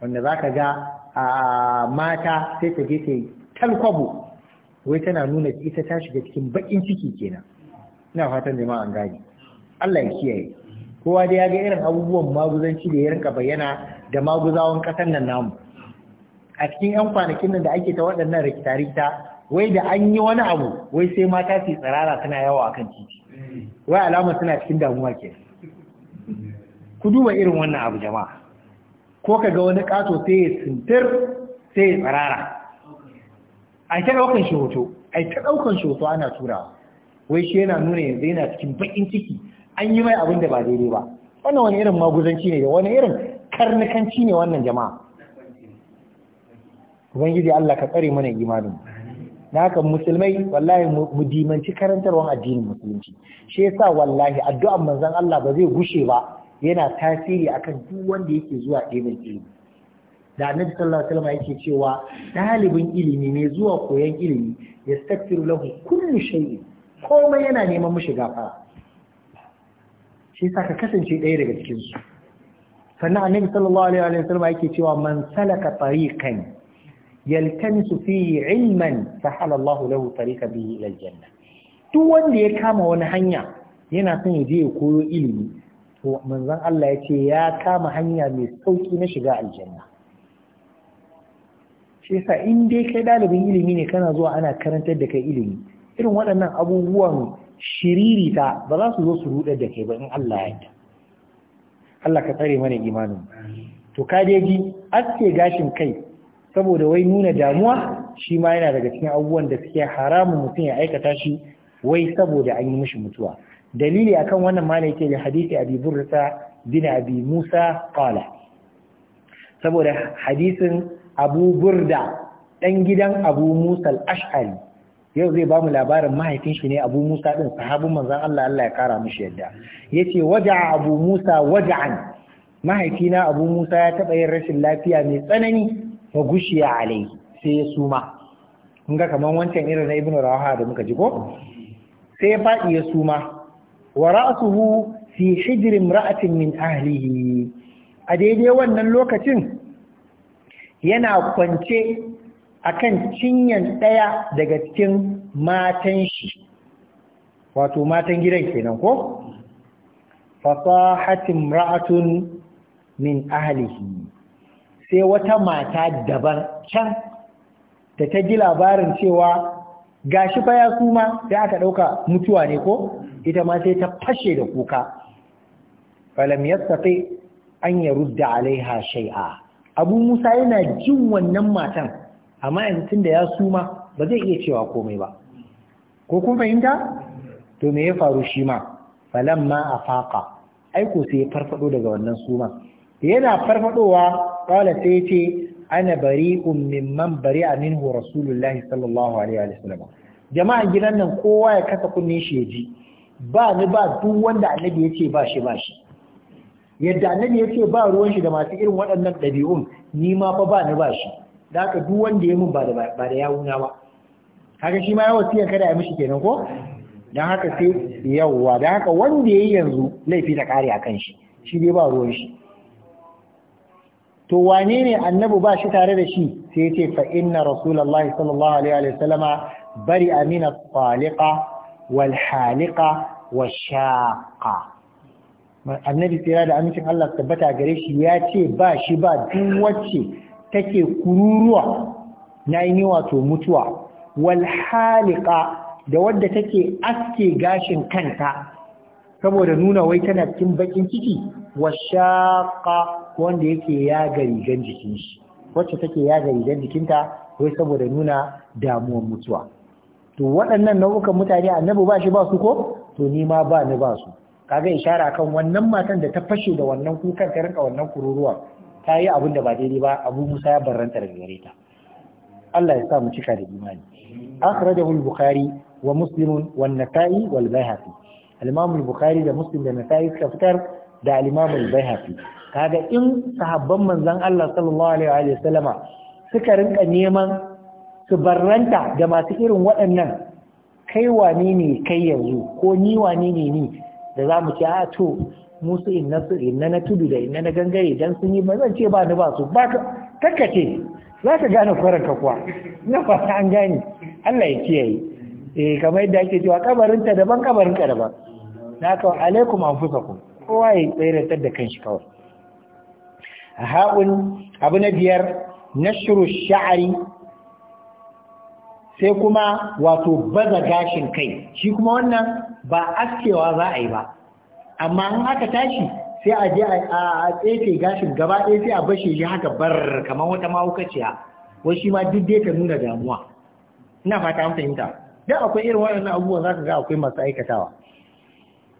wanda zaka ga a mata sai ta je ta talkwabo wai tana nuna ita ta shiga cikin bakin ciki kenan ina fatan ma an gani Allah ya kiyaye kowa da ya ga irin abubuwan maguzanci da ya rinka bayyana da maguzawan ƙasar nan namu a cikin 'yan kwanakin nan da ake ta waɗannan rikita-rikita wai da an yi wani abu wai sai mata su tsirara suna yawa kan titi wai alama suna cikin damuwa ke ku duba irin wannan abu jama'a ko ka ga wani kato sai ya sintir sai ya tsirara a ta daukan shi hoto a ta daukan shi hoto ana turawa wai shi yana nuna yanzu yana cikin bakin ciki an yi mai abin da ba daidai ba wannan wani irin maguzanci ne da wani irin karnukanci ne wannan jama'a ubangiji Allah ka tsare mana imanin naka musulmai wallahi mu dimanci karantarwar addinin musulunci shi yasa wallahi addu'an manzon Allah ba zai gushe ba yana tasiri akan duk wanda yake zuwa ɗebin ilimi da annabi sallallahu alaihi wasallam yake cewa dalibin ilimi ne zuwa koyon ilimi yastaghfiru lahu kullu shay'in komai yana neman mushi gafara shi yasa ka kasance ɗaya daga cikin su sannan annabi sallallahu alaihi wasallam yake cewa man salaka tariqan yaltamisu fihi ilman sahala Allah lahu tariqa bihi ila aljanna duk wanda ya kama wani hanya yana son ya je ya koyo ilimi to manzon Allah ya ce ya kama hanya mai sauki na shiga aljanna shi yasa in dai kai ɗalibin ilimi ne kana zuwa ana karantar da kai ilimi irin waɗannan abubuwan shiririta ba za su zo su rudar da kai ba in Allah ya Allah ka tsare mana imanin to ka aske gashin kai saboda wai nuna damuwa shi ma yana daga cikin abubuwan da suke haramun mutum ya aikata shi wai saboda an yi mishi mutuwa dalili akan wannan ma ne yake da hadisi abi burrata bin abi musa qala saboda hadisin abu burda dan gidan abu musa al-ash'ari yau zai ba mu labarin mahaifin shi ne abu musa din sahabun manzon Allah Allah ya kara mishi yadda yace waja'a abu musa waja'an mahaifina abu musa ya taba yin rashin lafiya mai tsanani fa gushiya alai sai ya suma kun ga kaman wancan irin na ibnu rawaha da muka ji ko sai ya faɗi ya suma wa ra'suhu fi hijr imra'atin min ahlihi a daidai wannan lokacin yana kwance akan cinyan ɗaya daga cikin matan shi wato matan gidan kenan ko fasahatin ra'atun min ahlihi sai wata mata daban can da ta ji labarin cewa gashi fa ya suma sai aka dauka mutuwa ne ko ita ma sai ta fashe da kuka falam yastati an yarudda alaiha shay'a abu musa yana jin wannan matan amma yanzu da ya suma ba zai iya cewa komai ba ko kun fahimta to me ya faru shi ma falamma afaqa aiko sai ya farfado daga wannan suma yana farfadowa qala sai ce ana bari bari'un bari bari'a minhu rasulullahi sallallahu alaihi wa sallam jama'an gidan nan kowa ya kasa kunnen shi ya ji ba ni ba duk wanda annabi ya ce ba shi ba shi yadda annabi ya ce ba ruwan shi da masu irin waɗannan ɗabi'un ni ma fa ba ni ba shi da haka duk wanda ya mun ba da ba da yawuna ba haka shi ma yawa siyan kada ya mishi kenan ko dan haka sai yawwa dan haka wanda yayi yanzu laifi ta kare akan shi shi dai ba ruwan shi to wane ne annabi ba shi tare da shi sai yace fa inna rasulullahi sallallahu alaihi wa sallama bari amina taliqa wal haliqa washaqa annabi tsira da amincin Allah tabbata gare shi ya ce ba shi ba duk wacce take kururuwa na yi wato mutuwa wal haliqa da wadda take aske gashin kanta saboda nuna wai tana cikin bakin ciki washaqa wanda yake ya yaga rigan jikin shi wacce take ya yaga rigan jikinta wai saboda nuna damuwar mutuwa to waɗannan nau'ukan mutane annabi ba shi ba su ko to ni ma ba ni ba su kaga ishara kan wannan matan da ta fashe da wannan kukan ta rinka wannan kururuwa ta yi abin da ba daidai ba abu musa ya barranta daga gare ta Allah ya sa mu cika da imani akhrajahu al-bukhari wa muslim wa an-nasa'i wal bayhaqi al-imam al-bukhari da muslim da nasa'i suka fitar da al-imam al-bayhaqi kaga in sahabban manzon Allah sallallahu alaihi wa sallama suka rinka neman su barranta da masu irin waɗannan kai wane ne kai yanzu ko ni wane ne ni da za mu ce a to musu inna su inna na tudu da inna na gangare dan sun yi ba zan ce ba ni ba su ba ce za ka gane ka kuwa na fata an gane Allah ya kiyaye eh kamar yadda ake cewa ta daban ka daban na ka alaikum anfusakum kowa ya tsayar da kanshi kawai ha'un abu na biyar na shiru sha'ari sai kuma wato baza gashin kai shi kuma wannan ba askewa za a yi ba amma in aka tashi sai a je a tsefe gashin gaba ɗaya sai a bashe shi haka bar kamar wata mahaukaciya wai shi ma duk dai ta nuna damuwa ina fata an fahimta dan akwai irin waɗannan abubuwa za ka ga akwai masu aikatawa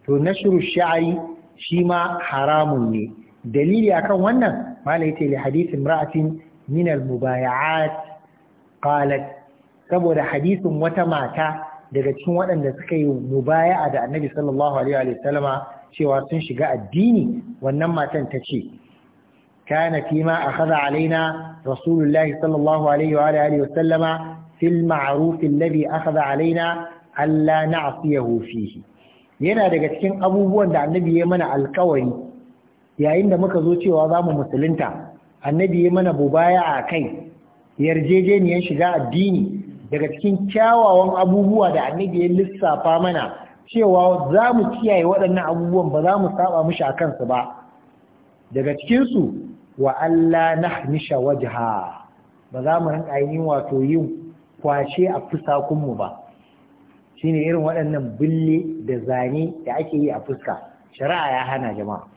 to na nashru sha'ari shi ma haramun ne dalili akan wannan mala yace li hadith imra'atin min al-mubaya'at qalat saboda hadisin wata mata daga cikin waɗanda suka yi mubaya'a da annabi sallallahu alaihi wa sallama cewa sun shiga addini wannan matan ta ce kana fima ma akhadha alaina rasulullahi sallallahu alaihi wa alihi wa sallama fil ma'ruf alladhi akhadha alaina alla na'siyahu fihi yana daga cikin abubuwan da annabi ya mana alkawari yayin da muka zo cewa za mu musulunta annabi ya mana bubaya a kai yarjejeniyar shiga addini daga cikin kyawawan abubuwa da annabi ya lissafa mana cewa za mu kiyaye waɗannan abubuwan ba za mu saba mushi a kansu ba daga cikinsu wa Allah na nahmisha wajha ba za mu rinka yin wato yin kwashe a fusakunmu ba shine irin waɗannan bulle da zane da ake yi a fuska shari'a ya hana jama'a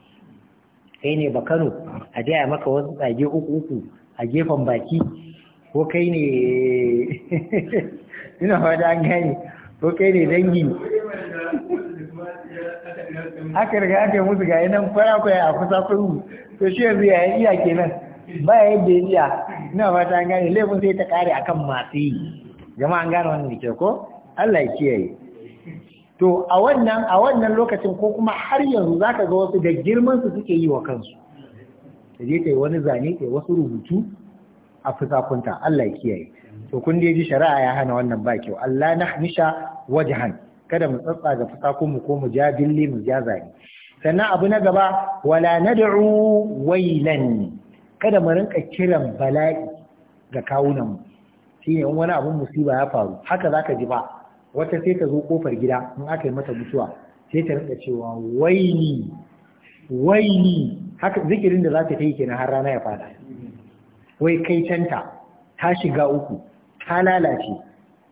kai ne bakano a jaya maka wasu tsage uku uku a gefen baki ko kai ne (laughs) ina fata an gani ko kai ne dangi aka riga aka yi musu ga nan fara kwaya a kusa kuru to shi yanzu ya iya kenan ba ya yadda ya iya ina wata an gani laifin sai ta kare akan masu yi Gama an gano wani da ke ko Allah ya kiyaye to a wannan a wannan lokacin ko kuma har yanzu za ka ga wasu da girmansu suke yi wa kansu je yi wani zane kai wasu rubutu a fusakunta Allah ya kiyaye to kun da ji shari'a ya hana wannan ba kyau Allah na waje wajhan kada mu tsatsa ga fusakunmu ko mu ja dille mu ja zane sannan abu na gaba wala nad'u wailan kada mu rinka kiran bala'i ga kawunan mu ne in wani abun musiba ya faru haka zaka ji ba wata sai ta zo kofar gida in aka yi mata mutuwa sai ta rinka cewa waini waini haka zikirin da za ta yi kenan har rana ya fada wai kai canta ta shiga uku ta lalace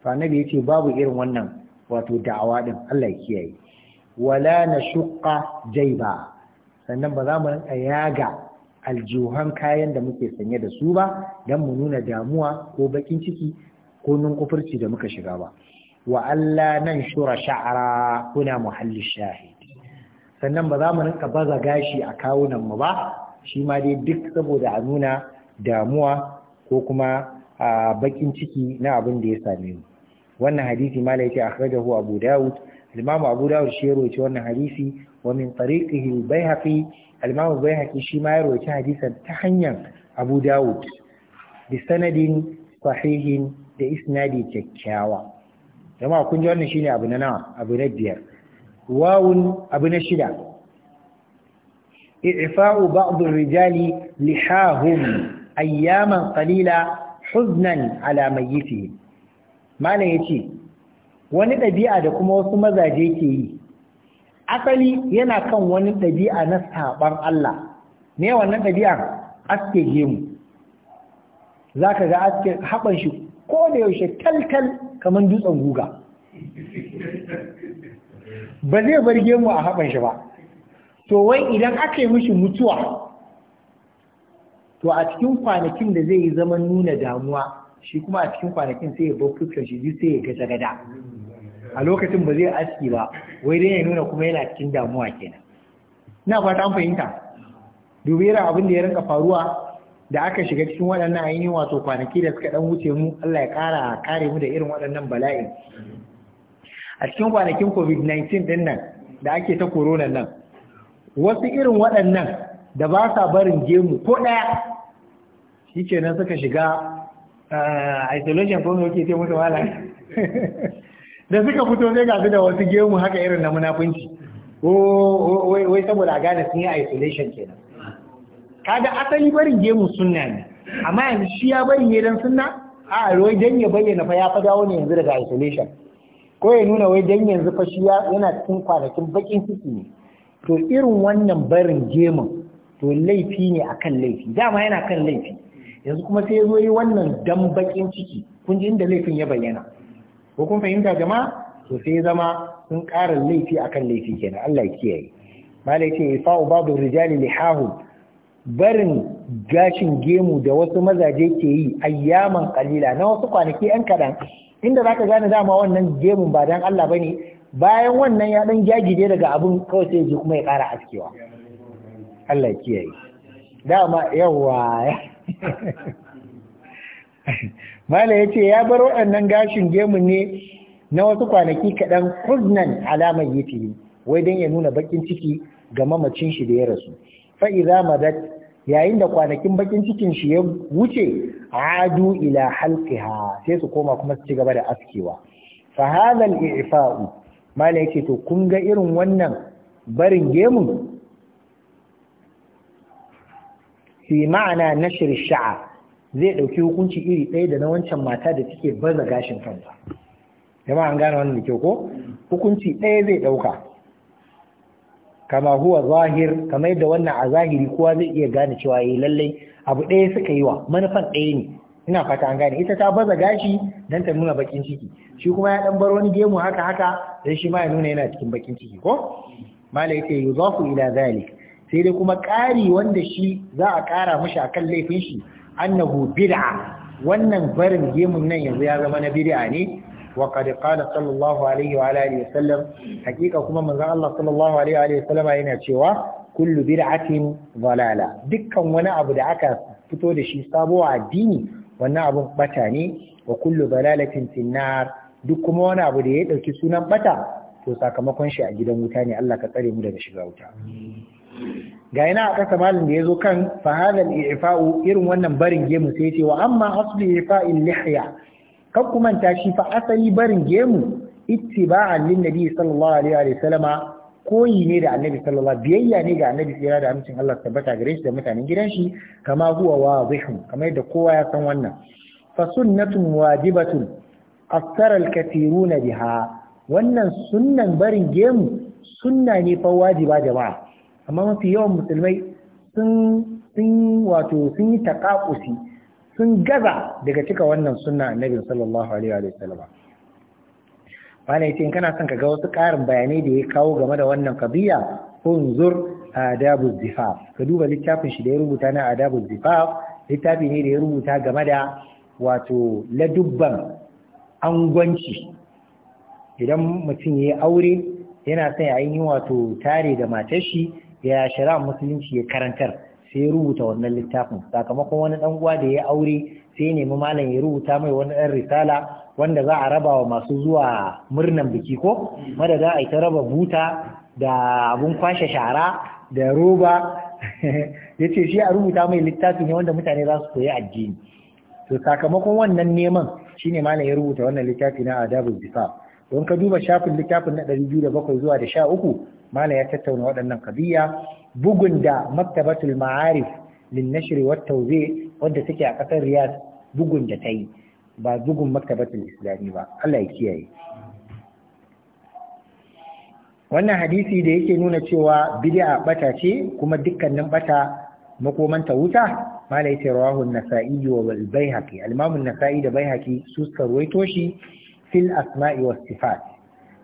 to annabi yace babu irin wannan wato da'awa din Allah ya kiyaye wala nashqa jayba sannan ba za mu rinka yaga aljuhan kayan da muke sanye da su ba don mu nuna damuwa ko bakin ciki ko kufurci da muka shiga ba wa Allah nan shura sha'ara kuna muhalli shahid sannan ba za mu rinka baza gashi a kawunan mu ba shi ma dai duk saboda a nuna damuwa ko kuma a bakin ciki na abin da ya same mu wannan hadisi mala yake akhrajahu Abu Dawud imam Abu Dawud shi ya rawaita wannan hadisi wa min tariqihi al-Baihaqi imam baihaqi shi ma ya rawaita hadisan ta hanyar Abu Dawud bi sanadin sahihin da isnadi kyakkyawa jama'a kun ji wannan shine abu na nawa abu na biyar wawun abu na shida i'fa'u ba'd ar-rijali lihahum ayyaman qalila huznan ala mayyitihim malam yace wani dabi'a da kuma wasu mazaje ke yi asali yana kan wani dabi'a na saban Allah ne wannan dabi'a aske gemu zaka ga aske haban shi ko da yaushe kalkal kamar dutsen guga ba zai bar gemu a haɓar shi ba to wai idan aka yi mishi mutuwa to a cikin kwanakin da zai yi zaman nuna damuwa shi kuma a cikin kwanakin sai ya bar fuskar shi sai ya gaza gada a lokacin ba zai aski ba wai dai ya nuna kuma yana cikin damuwa kenan na fata an fahimta dubera abin da ya rinka faruwa da aka shiga cikin waɗannan ainihin wato kwanaki da suka ɗan wuce mu Allah ya ƙara kare mu da irin waɗannan bala'in a cikin kwanakin covid-19 ɗin nan da ake ta corona nan wasu irin waɗannan da ba sa barin gemu ko ɗaya shi ke nan suka shiga eh, isolation ko mai ce mutu wala (laughs) da suka fito sai gasu da wasu gemu haka irin na munafunci oh, oh, oh, wai saboda a gane sun yi isolation kenan kaga asali barin gemu sunna ne amma yanzu shi ya bari ne dan sunna a wai dan ya bayyana fa ya fa dawo yanzu daga isolation ko ya nuna wai dan yanzu fa shi yana cikin kwanakin bakin ciki ne to irin wannan barin gemun to laifi ne akan laifi dama yana kan laifi yanzu kuma sai ya yi wannan dan bakin ciki kun ji inda laifin ya bayyana ko kun fahimta jama'a to sai zama sun ƙara laifi akan laifi kenan Allah ya kiyaye malaka ce fa'u babu rijali lihahu barin gashin gemu da wasu mazaje ke yi ayyaman kalila na wasu kwanaki yan kaɗan inda za ka gane dama wannan gemun ba don Allah ba ne bayan wannan ya ɗan jajije daga abin kawai sai ji kuma ya ƙara askewa Allah ya kiyaye dama yawa (laughs) mala ya ce ya bar waɗannan gashin gemun ne na wasu kwanaki kaɗan huznan alamar yiti wai don ya nuna bakin ciki ga mamacin shi da ya rasu fa’iza idza madat yayin da kwanakin bakin cikin shi ya wuce adu ila halkiha sai su koma kuma su ci gaba da askewa fa hadha ifau mala yake to kun ga irin wannan barin gemun fi ma'ana nashr sha'a zai dauki hukunci iri ɗaya da na wancan mata da take baza gashin kanta jama'a an gane wannan da kyau ko hukunci ɗaya zai dauka kama huwa zahir kamar yadda wannan a zahiri kowa zai iya gane cewa yi eh, lallai abu ɗaya suka yi wa manufan ɗaya ne ina fata an gane ita ta baza gashi dan ta nuna bakin ciki shi kuma ya dan bar wani gemu haka haka dan shi ma ya nuna yana cikin bakin ciki ko mala yace yuzafu ila zalik sai dai kuma ƙari wanda shi za a ƙara mishi akan laifin shi annahu bid'a wannan barin gemun nan yanzu ya zama na bid'a ne wa qad sallallahu alaihi wa alihi wasallam hakika kuma manzon Allah sallallahu alaihi wa alihi wasallam yana cewa kullu bid'atin dalala dukkan wani abu da aka fito da shi sabo a addini wannan abun bata ne wa kullu dalalatin finnar duk kuma wani abu da ya dauki sunan bata to sakamakon shi a gidan wuta ne Allah ka tsare mu daga shiga wuta ga yana a ƙasa malin da ya zo kan fahadar ifa'u irin wannan barin gemu sai ce wa amma asli ifa'in lihya kan ku manta shi fa asali barin gemu ittiba'an lin nabi sallallahu alaihi wa sallama koyi ne da annabi sallallahu biyayya ne ga annabi tsira da amincin Allah tabbata gare shi da mutanen gidan shi kama huwa wadihun kamar yadda kowa ya san wannan fa sunnatun wajibatun asara al-kathiruna biha wannan sunnan barin gemu sunna ne fa wajiba jama'a amma mafi yawan musulmai sun sun wato sun yi taqaqusi sun gaza daga cika wannan sunna annabi sallallahu alaihi wa sallam wani yace in kana son ka ga wasu ƙarin bayanai da ya kawo game da wannan qadiya unzur adabu zifaf ka duba littafin shi da ya rubuta na adabu zifaf littafi ne da ya rubuta game da wato ladubban angwanci idan mutum ya aure yana son ya yi wato tare da matar shi ya shara musulunci ya karantar sai rubuta wannan littafin sakamakon wani dan uwa da ya aure sai nemi malam ya rubuta mai wani dan risala wanda za a raba wa masu zuwa murnan biki ko mada za a yi ta raba buta da abun kwashe shara da roba (laughs) ya ce shi a rubuta mai littafi ne wanda mutane za su koyi addini to sakamakon wannan neman shine malam ya rubuta wannan littafi na adabul bisa. don ka duba shafin littafin na 207 zuwa da 13 Malam ya tattauna waɗannan kabiya bugun da maktabatul ma'arif Linnashir nashr wa tawzi wanda take a ƙasar riyad bugun da ta yi ba bugun maktabatul islami ba Allah ya kiyaye wannan hadisi da yake nuna cewa bid'a bata ce kuma dukkanin bata makomanta wuta mala yace rawahu an-nasa'i wa al-baihaqi al-imam an-nasa'i da baihaqi su suka ruwaito shi fil asma'i was sifat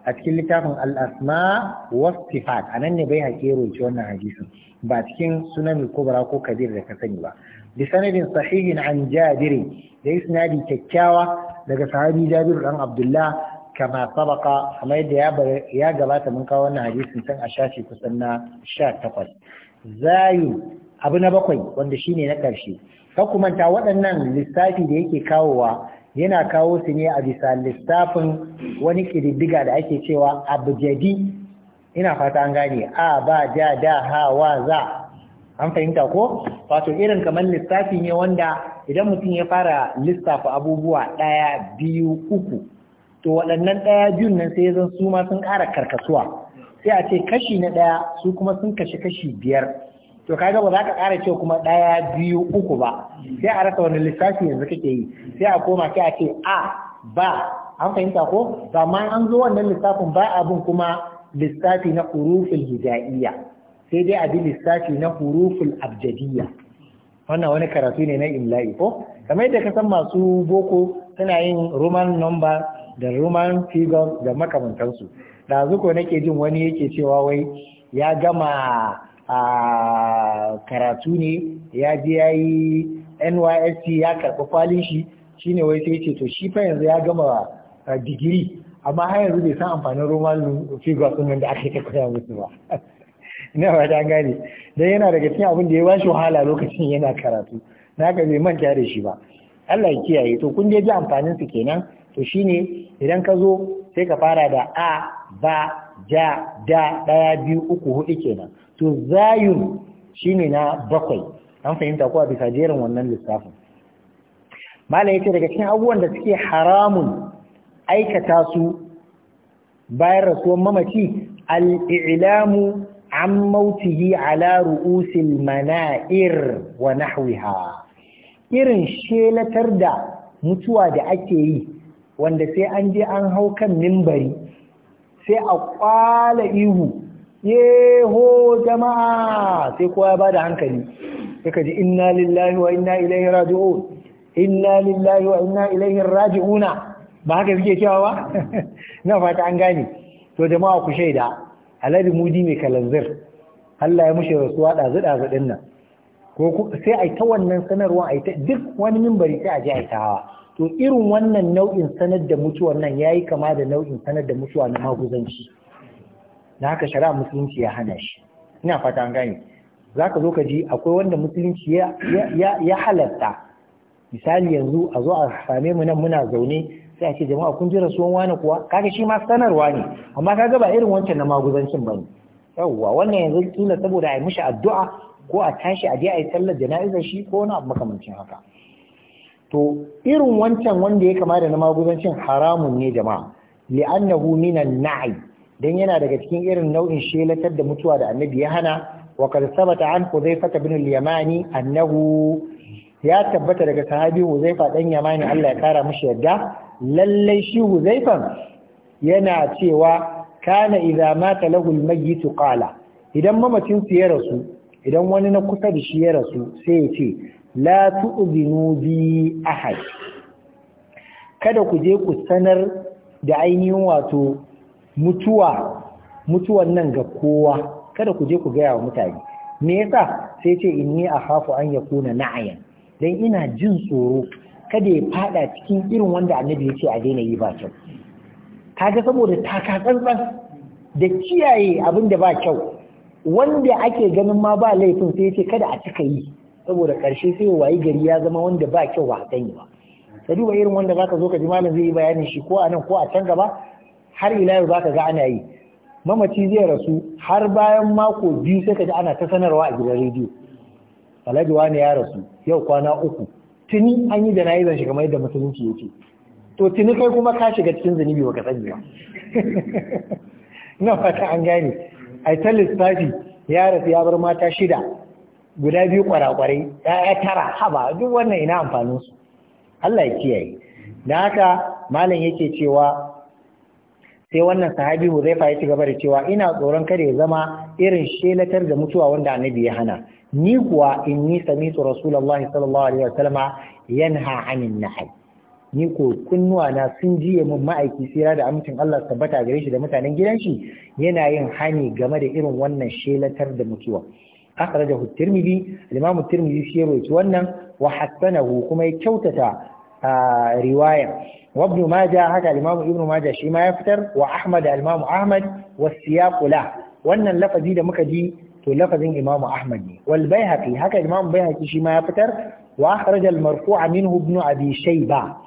a cikin littafin al'asma wasifat a nan ne bai haƙe roci wannan hadisin ba cikin sunan bara ko kabir da ka sani ba bi sanadin sahihin an jabiri da sinadi kyakkyawa daga sahabi jabiru ɗan abdullah kama sabaka kamar yadda ya gabata mun kawo wannan hadisin can a shafi kusan na sha takwas zayu abu na bakwai wanda shine na ƙarshe ka kumanta waɗannan lissafi da yake kawowa yana kawo su ne a bisa lissafin wani ƙididdiga da ake cewa abjadi ina fata an gane a ba ja da hawa za an fahimta ko wato irin kamar lissafi ne wanda idan mutum ya fara lissafa abubuwa ɗaya biyu uku to waɗannan ɗaya biyun nan sai zan su ma sun ƙara karkasuwa sai a ce kashi na ɗaya su kuma sun kashi kashi biyar to kaga ba za ka kara cewa kuma ɗaya biyu uku ba sai a rasa wani lissafi yanzu kake yi sai a koma sai a ce a ba an fahimta ko ba ma an zo wannan lissafin ba abin kuma lissafi na hurufin hijaiya sai dai a bi lissafi na hurufin abjadiyya wannan wani karatu ne na imla'i ko kamar yadda ka san masu boko suna yin roman number da roman figure da makamantansu da zuko nake jin wani yake cewa wai ya gama a karatu ne ya je ya yi nysc ya karɓi kwalin shi shi ne wai sai ce to shi fa yanzu ya gama digiri amma har yanzu bai san amfanin roman figures ɗin da aka yi ta koya musu ba (laughs) ina ba ta gane dan yana daga cikin abin da ya bashi wahala lokacin yana karatu na ga bai manta da shi ba Allah ya kiyaye to kun je ji amfanin su kenan to shine idan ka zo sai ka fara da a ba ja da daya biyu uku huɗu kenan to zayun shine na bakwai an fahimta kuwa bisa jerin wannan lissafin malam ce daga cikin abubuwan da suke haramun aikata su bayan rasuwan mamaci al’ilamu an mautihi ala ru'usil mana'ir wa nahwiha irin shelatar da mutuwa da ake yi wanda sai an je an hau kan mimbari sai a kwala ihu yeho jama'a sai kowa ya bada hankali sai ka ji inna lillahi wa inna ilaihi raji'un inna lillahi wa inna ilaihi raji'un ba haka suke cewa ba (laughs) na fata an gane to jama'a ku shaida alabi mudi mai kalanzir Allah ya mushe rasuwa dazu dazu din nan ko sai ai ta wannan sanarwa ai ta duk wani minbari sai a ji ai tawa to irin wannan nau'in sanar da mutuwar nan yayi kama da nau'in sanar da mutuwa na maguzanci da haka shari'a musulunci ya hana shi ina fata an gane za ka zo ka ji akwai wanda musulunci ya halatta misali yanzu a zo a same mu nan muna zaune sai a ce jama'a kun ji rasuwan wani kuwa kaga shi ma sanarwa ne amma kaga ba irin wancan na maguzancin bane yawwa wannan yanzu kila saboda a yi mishi addu'a ko a tashi a je a yi sallar jana'izar shi ko wani abu makamancin haka to irin wancan wanda ya kama da na maguzancin haramun ne jama'a li'annahu minan na'i Don yana daga cikin irin nau'in shelatar da mutuwa da annabi ya hana wa qad sabata an zai fata al-Yamani annahu ya tabbata daga sahabi huzaifa dan Yamani Allah ya kara mushi yadda lalle shi Hudhayfan yana cewa kana idza mata lahu almayyit qala idan mamacin su ya rasu idan wani na kusa da shi ya rasu sai ya ce la tu'dinu bi ahad kada ku je ku sanar da ainihin wato mutuwa mutuwan nan ga kowa kada ku je ku gaya wa mutane me yasa sai ce inni hafu an ya kuna na'ayan dan ina jin tsoro kada ya fada cikin irin wanda annabi ya ce a daina yi ba kyau kaga saboda taka tsantsan da kiyaye abin da ba kyau wanda ake ganin ma ba laifin sai ce kada a cika yi saboda karshe sai wayi gari ya zama wanda ba kyau ba a sani ba ka duba irin wanda zaka zo ka ji malam zai yi bayanin shi ko a nan ko a can gaba har ila yau zaka ga ana yi mamaci zai rasu har bayan mako biyu sai ka ji ana ta sanarwa a gidan rediyo alhaji wani ya rasu yau kwana uku tuni an yi jana'izar shi kamar yadda musulunci yake to tuni kai kuma ka shiga cikin zunubi baka sani ba (laughs) na fata an gane ai ta lissafi ya rasu ya bar mata shida guda biyu kwarakwarai ya tara haba duk wannan ina amfanin su Allah ya kiyaye Na haka malam yake cewa sai wannan sahabi Huzaifa ya ci gaba da cewa ina tsoron kada ya zama irin shelatar da mutuwa wanda annabi ya hana ni kuwa sami su rasulullahi sallallahu alaihi wasallama yanha anin nahl ni ko kunnuwa na sun jiye min ma'aiki tsira da amincin Allah tabbata gare shi da mutanen gidan shi yana yin hani game da irin wannan shelatar da mutuwa akhrajahu at-tirmidhi al-imam at-tirmidhi shi ya wannan wa hasanahu kuma ya kyautata riwaya wabnu maja haka al-imamu ibnu maja shi ma ya fitar wa ahmad al-imamu ahmad wa wannan lafazi da muka ji to lafazin imamu ahmad ne wal baihaqi haka imamu baihaqi shi ma ya fitar wa akhraj al-marfu'a minhu ibnu abi shayba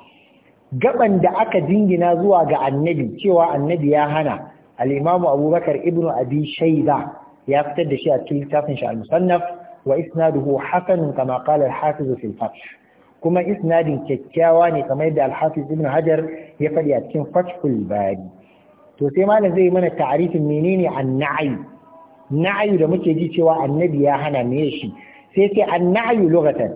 gaban da aka jingina zuwa ga annabi cewa annabi ya hana al-imamu abubakar ibnu abi shayba ya fitar da shi a cikin littafin shi al-musannaf wa isnaduhu hasanun kama qala al-hafiz fi al-fath kuma isnadin kyakkyawa ne kamar yadda alhafiz ibn hajar ya faɗi a cikin Fatful bari to sai malam zai mana ta'arifin menene an na'ayu da muke ji cewa annabi ya hana me shi sai sai annayu lokacin.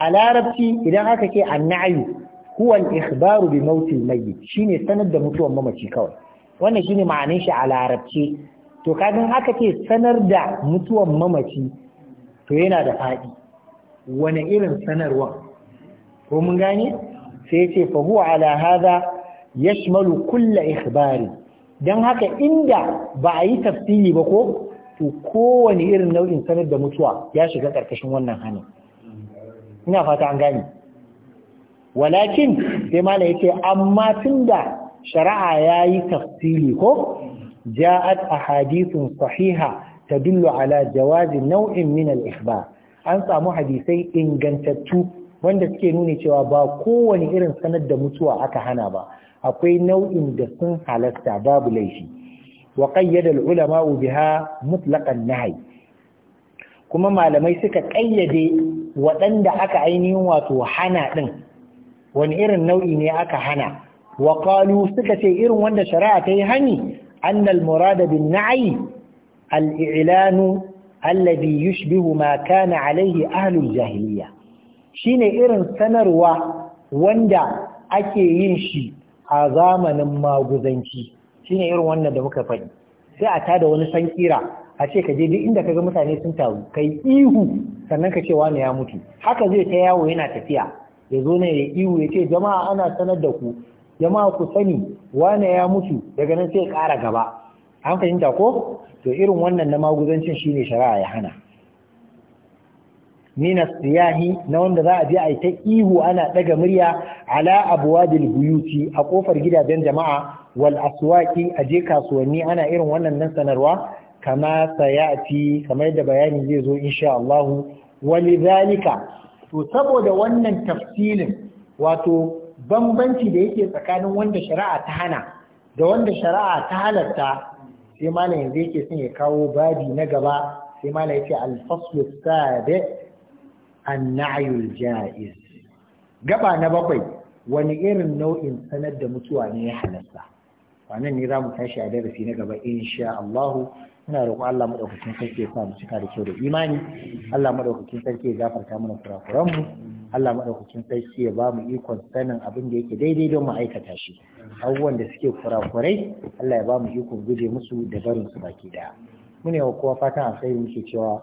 a larabci idan aka ce annayu, nayu huwa al-ikhbaru bi mautil mayyit shine sanar da mutuwan mamaci kawai wannan shine ma'anin shi a larabci to kagan aka ce sanar da mutuwan mamaci to yana da faɗi wani irin sanarwa ko mun gane sai ce fa huwa ala ya yashmalu kulla ikhbari dan haka inda ba a yi tafsiri ba ko to kowane irin nau'in sanar da mutuwa ya shiga karkashin wannan hannu, ina fata an gane walakin sai mala yace amma tunda shari'a yayi tafsiri ko ja'at ahadithun sahiha tadullu ala jawazi nau'in min al-ikhbar an samu hadisai ingantattu wanda suke nuni cewa ba kowane irin sanar da mutuwa aka hana ba akwai nau'in da sun halasta babu laifi wa qayyada al-ulama biha mutlaqan nahy kuma malamai suka kayyade waɗanda aka ainihin wato hana din wani irin nau'i ne aka hana wa qalu suka ce irin wanda shari'a ta yi hani annal murada bin na'i al-i'lanu alladhi yushbihu ma kana alayhi ahlul jahiliyyah shine irin sanarwa wanda ake yin shi a zamanin maguzanci shine irin wannan da muka faɗi sai a tada wani sankira a ce ka je duk inda kaga mutane sun taru kai ihu sannan ka ce wani ya mutu haka zai ta yawo yana tafiya ya zo ne ya ihu ya ce jama'a ana sanar da ku jama'a ku sani Wani ya mutu daga nan sai ƙara gaba an fahimta ko to irin wannan na maguzancin shine shari'a ya hana minas siyahi na wanda za a je a yi ta ihu ana daga murya ala abwabil buyuti a kofar gidajen jama'a wal aswaki a je kasuwanni ana irin wannan nan sanarwa kama sayati kamar da bayani zai zo insha Allah walidhalika to saboda wannan tafsilin wato bambanci da yake tsakanin wanda shari'a ta hana da wanda shari'a ta halatta sai malam yanzu yake son ya kawo babi na gaba sai malam yace al-faslu sabi annayul ja'iz gaba na bakwai wani irin nau'in sanar da mutuwa ne ya halasta wannan ne zamu tashi a darasi na gaba insha Allah muna roƙo Allah madaukakin sarki ya mu cika da kyau da imani Allah madaukakin sarki ya gafarta mana kurakuran mu Allah madaukakin sarki ya ba mu ikon sanin abin da yake daidai don mu aikata shi abubuwan da suke furafurai, Allah ya ba mu ikon guje musu da barin su baki daya mune wa kowa fatan alkhairi muke cewa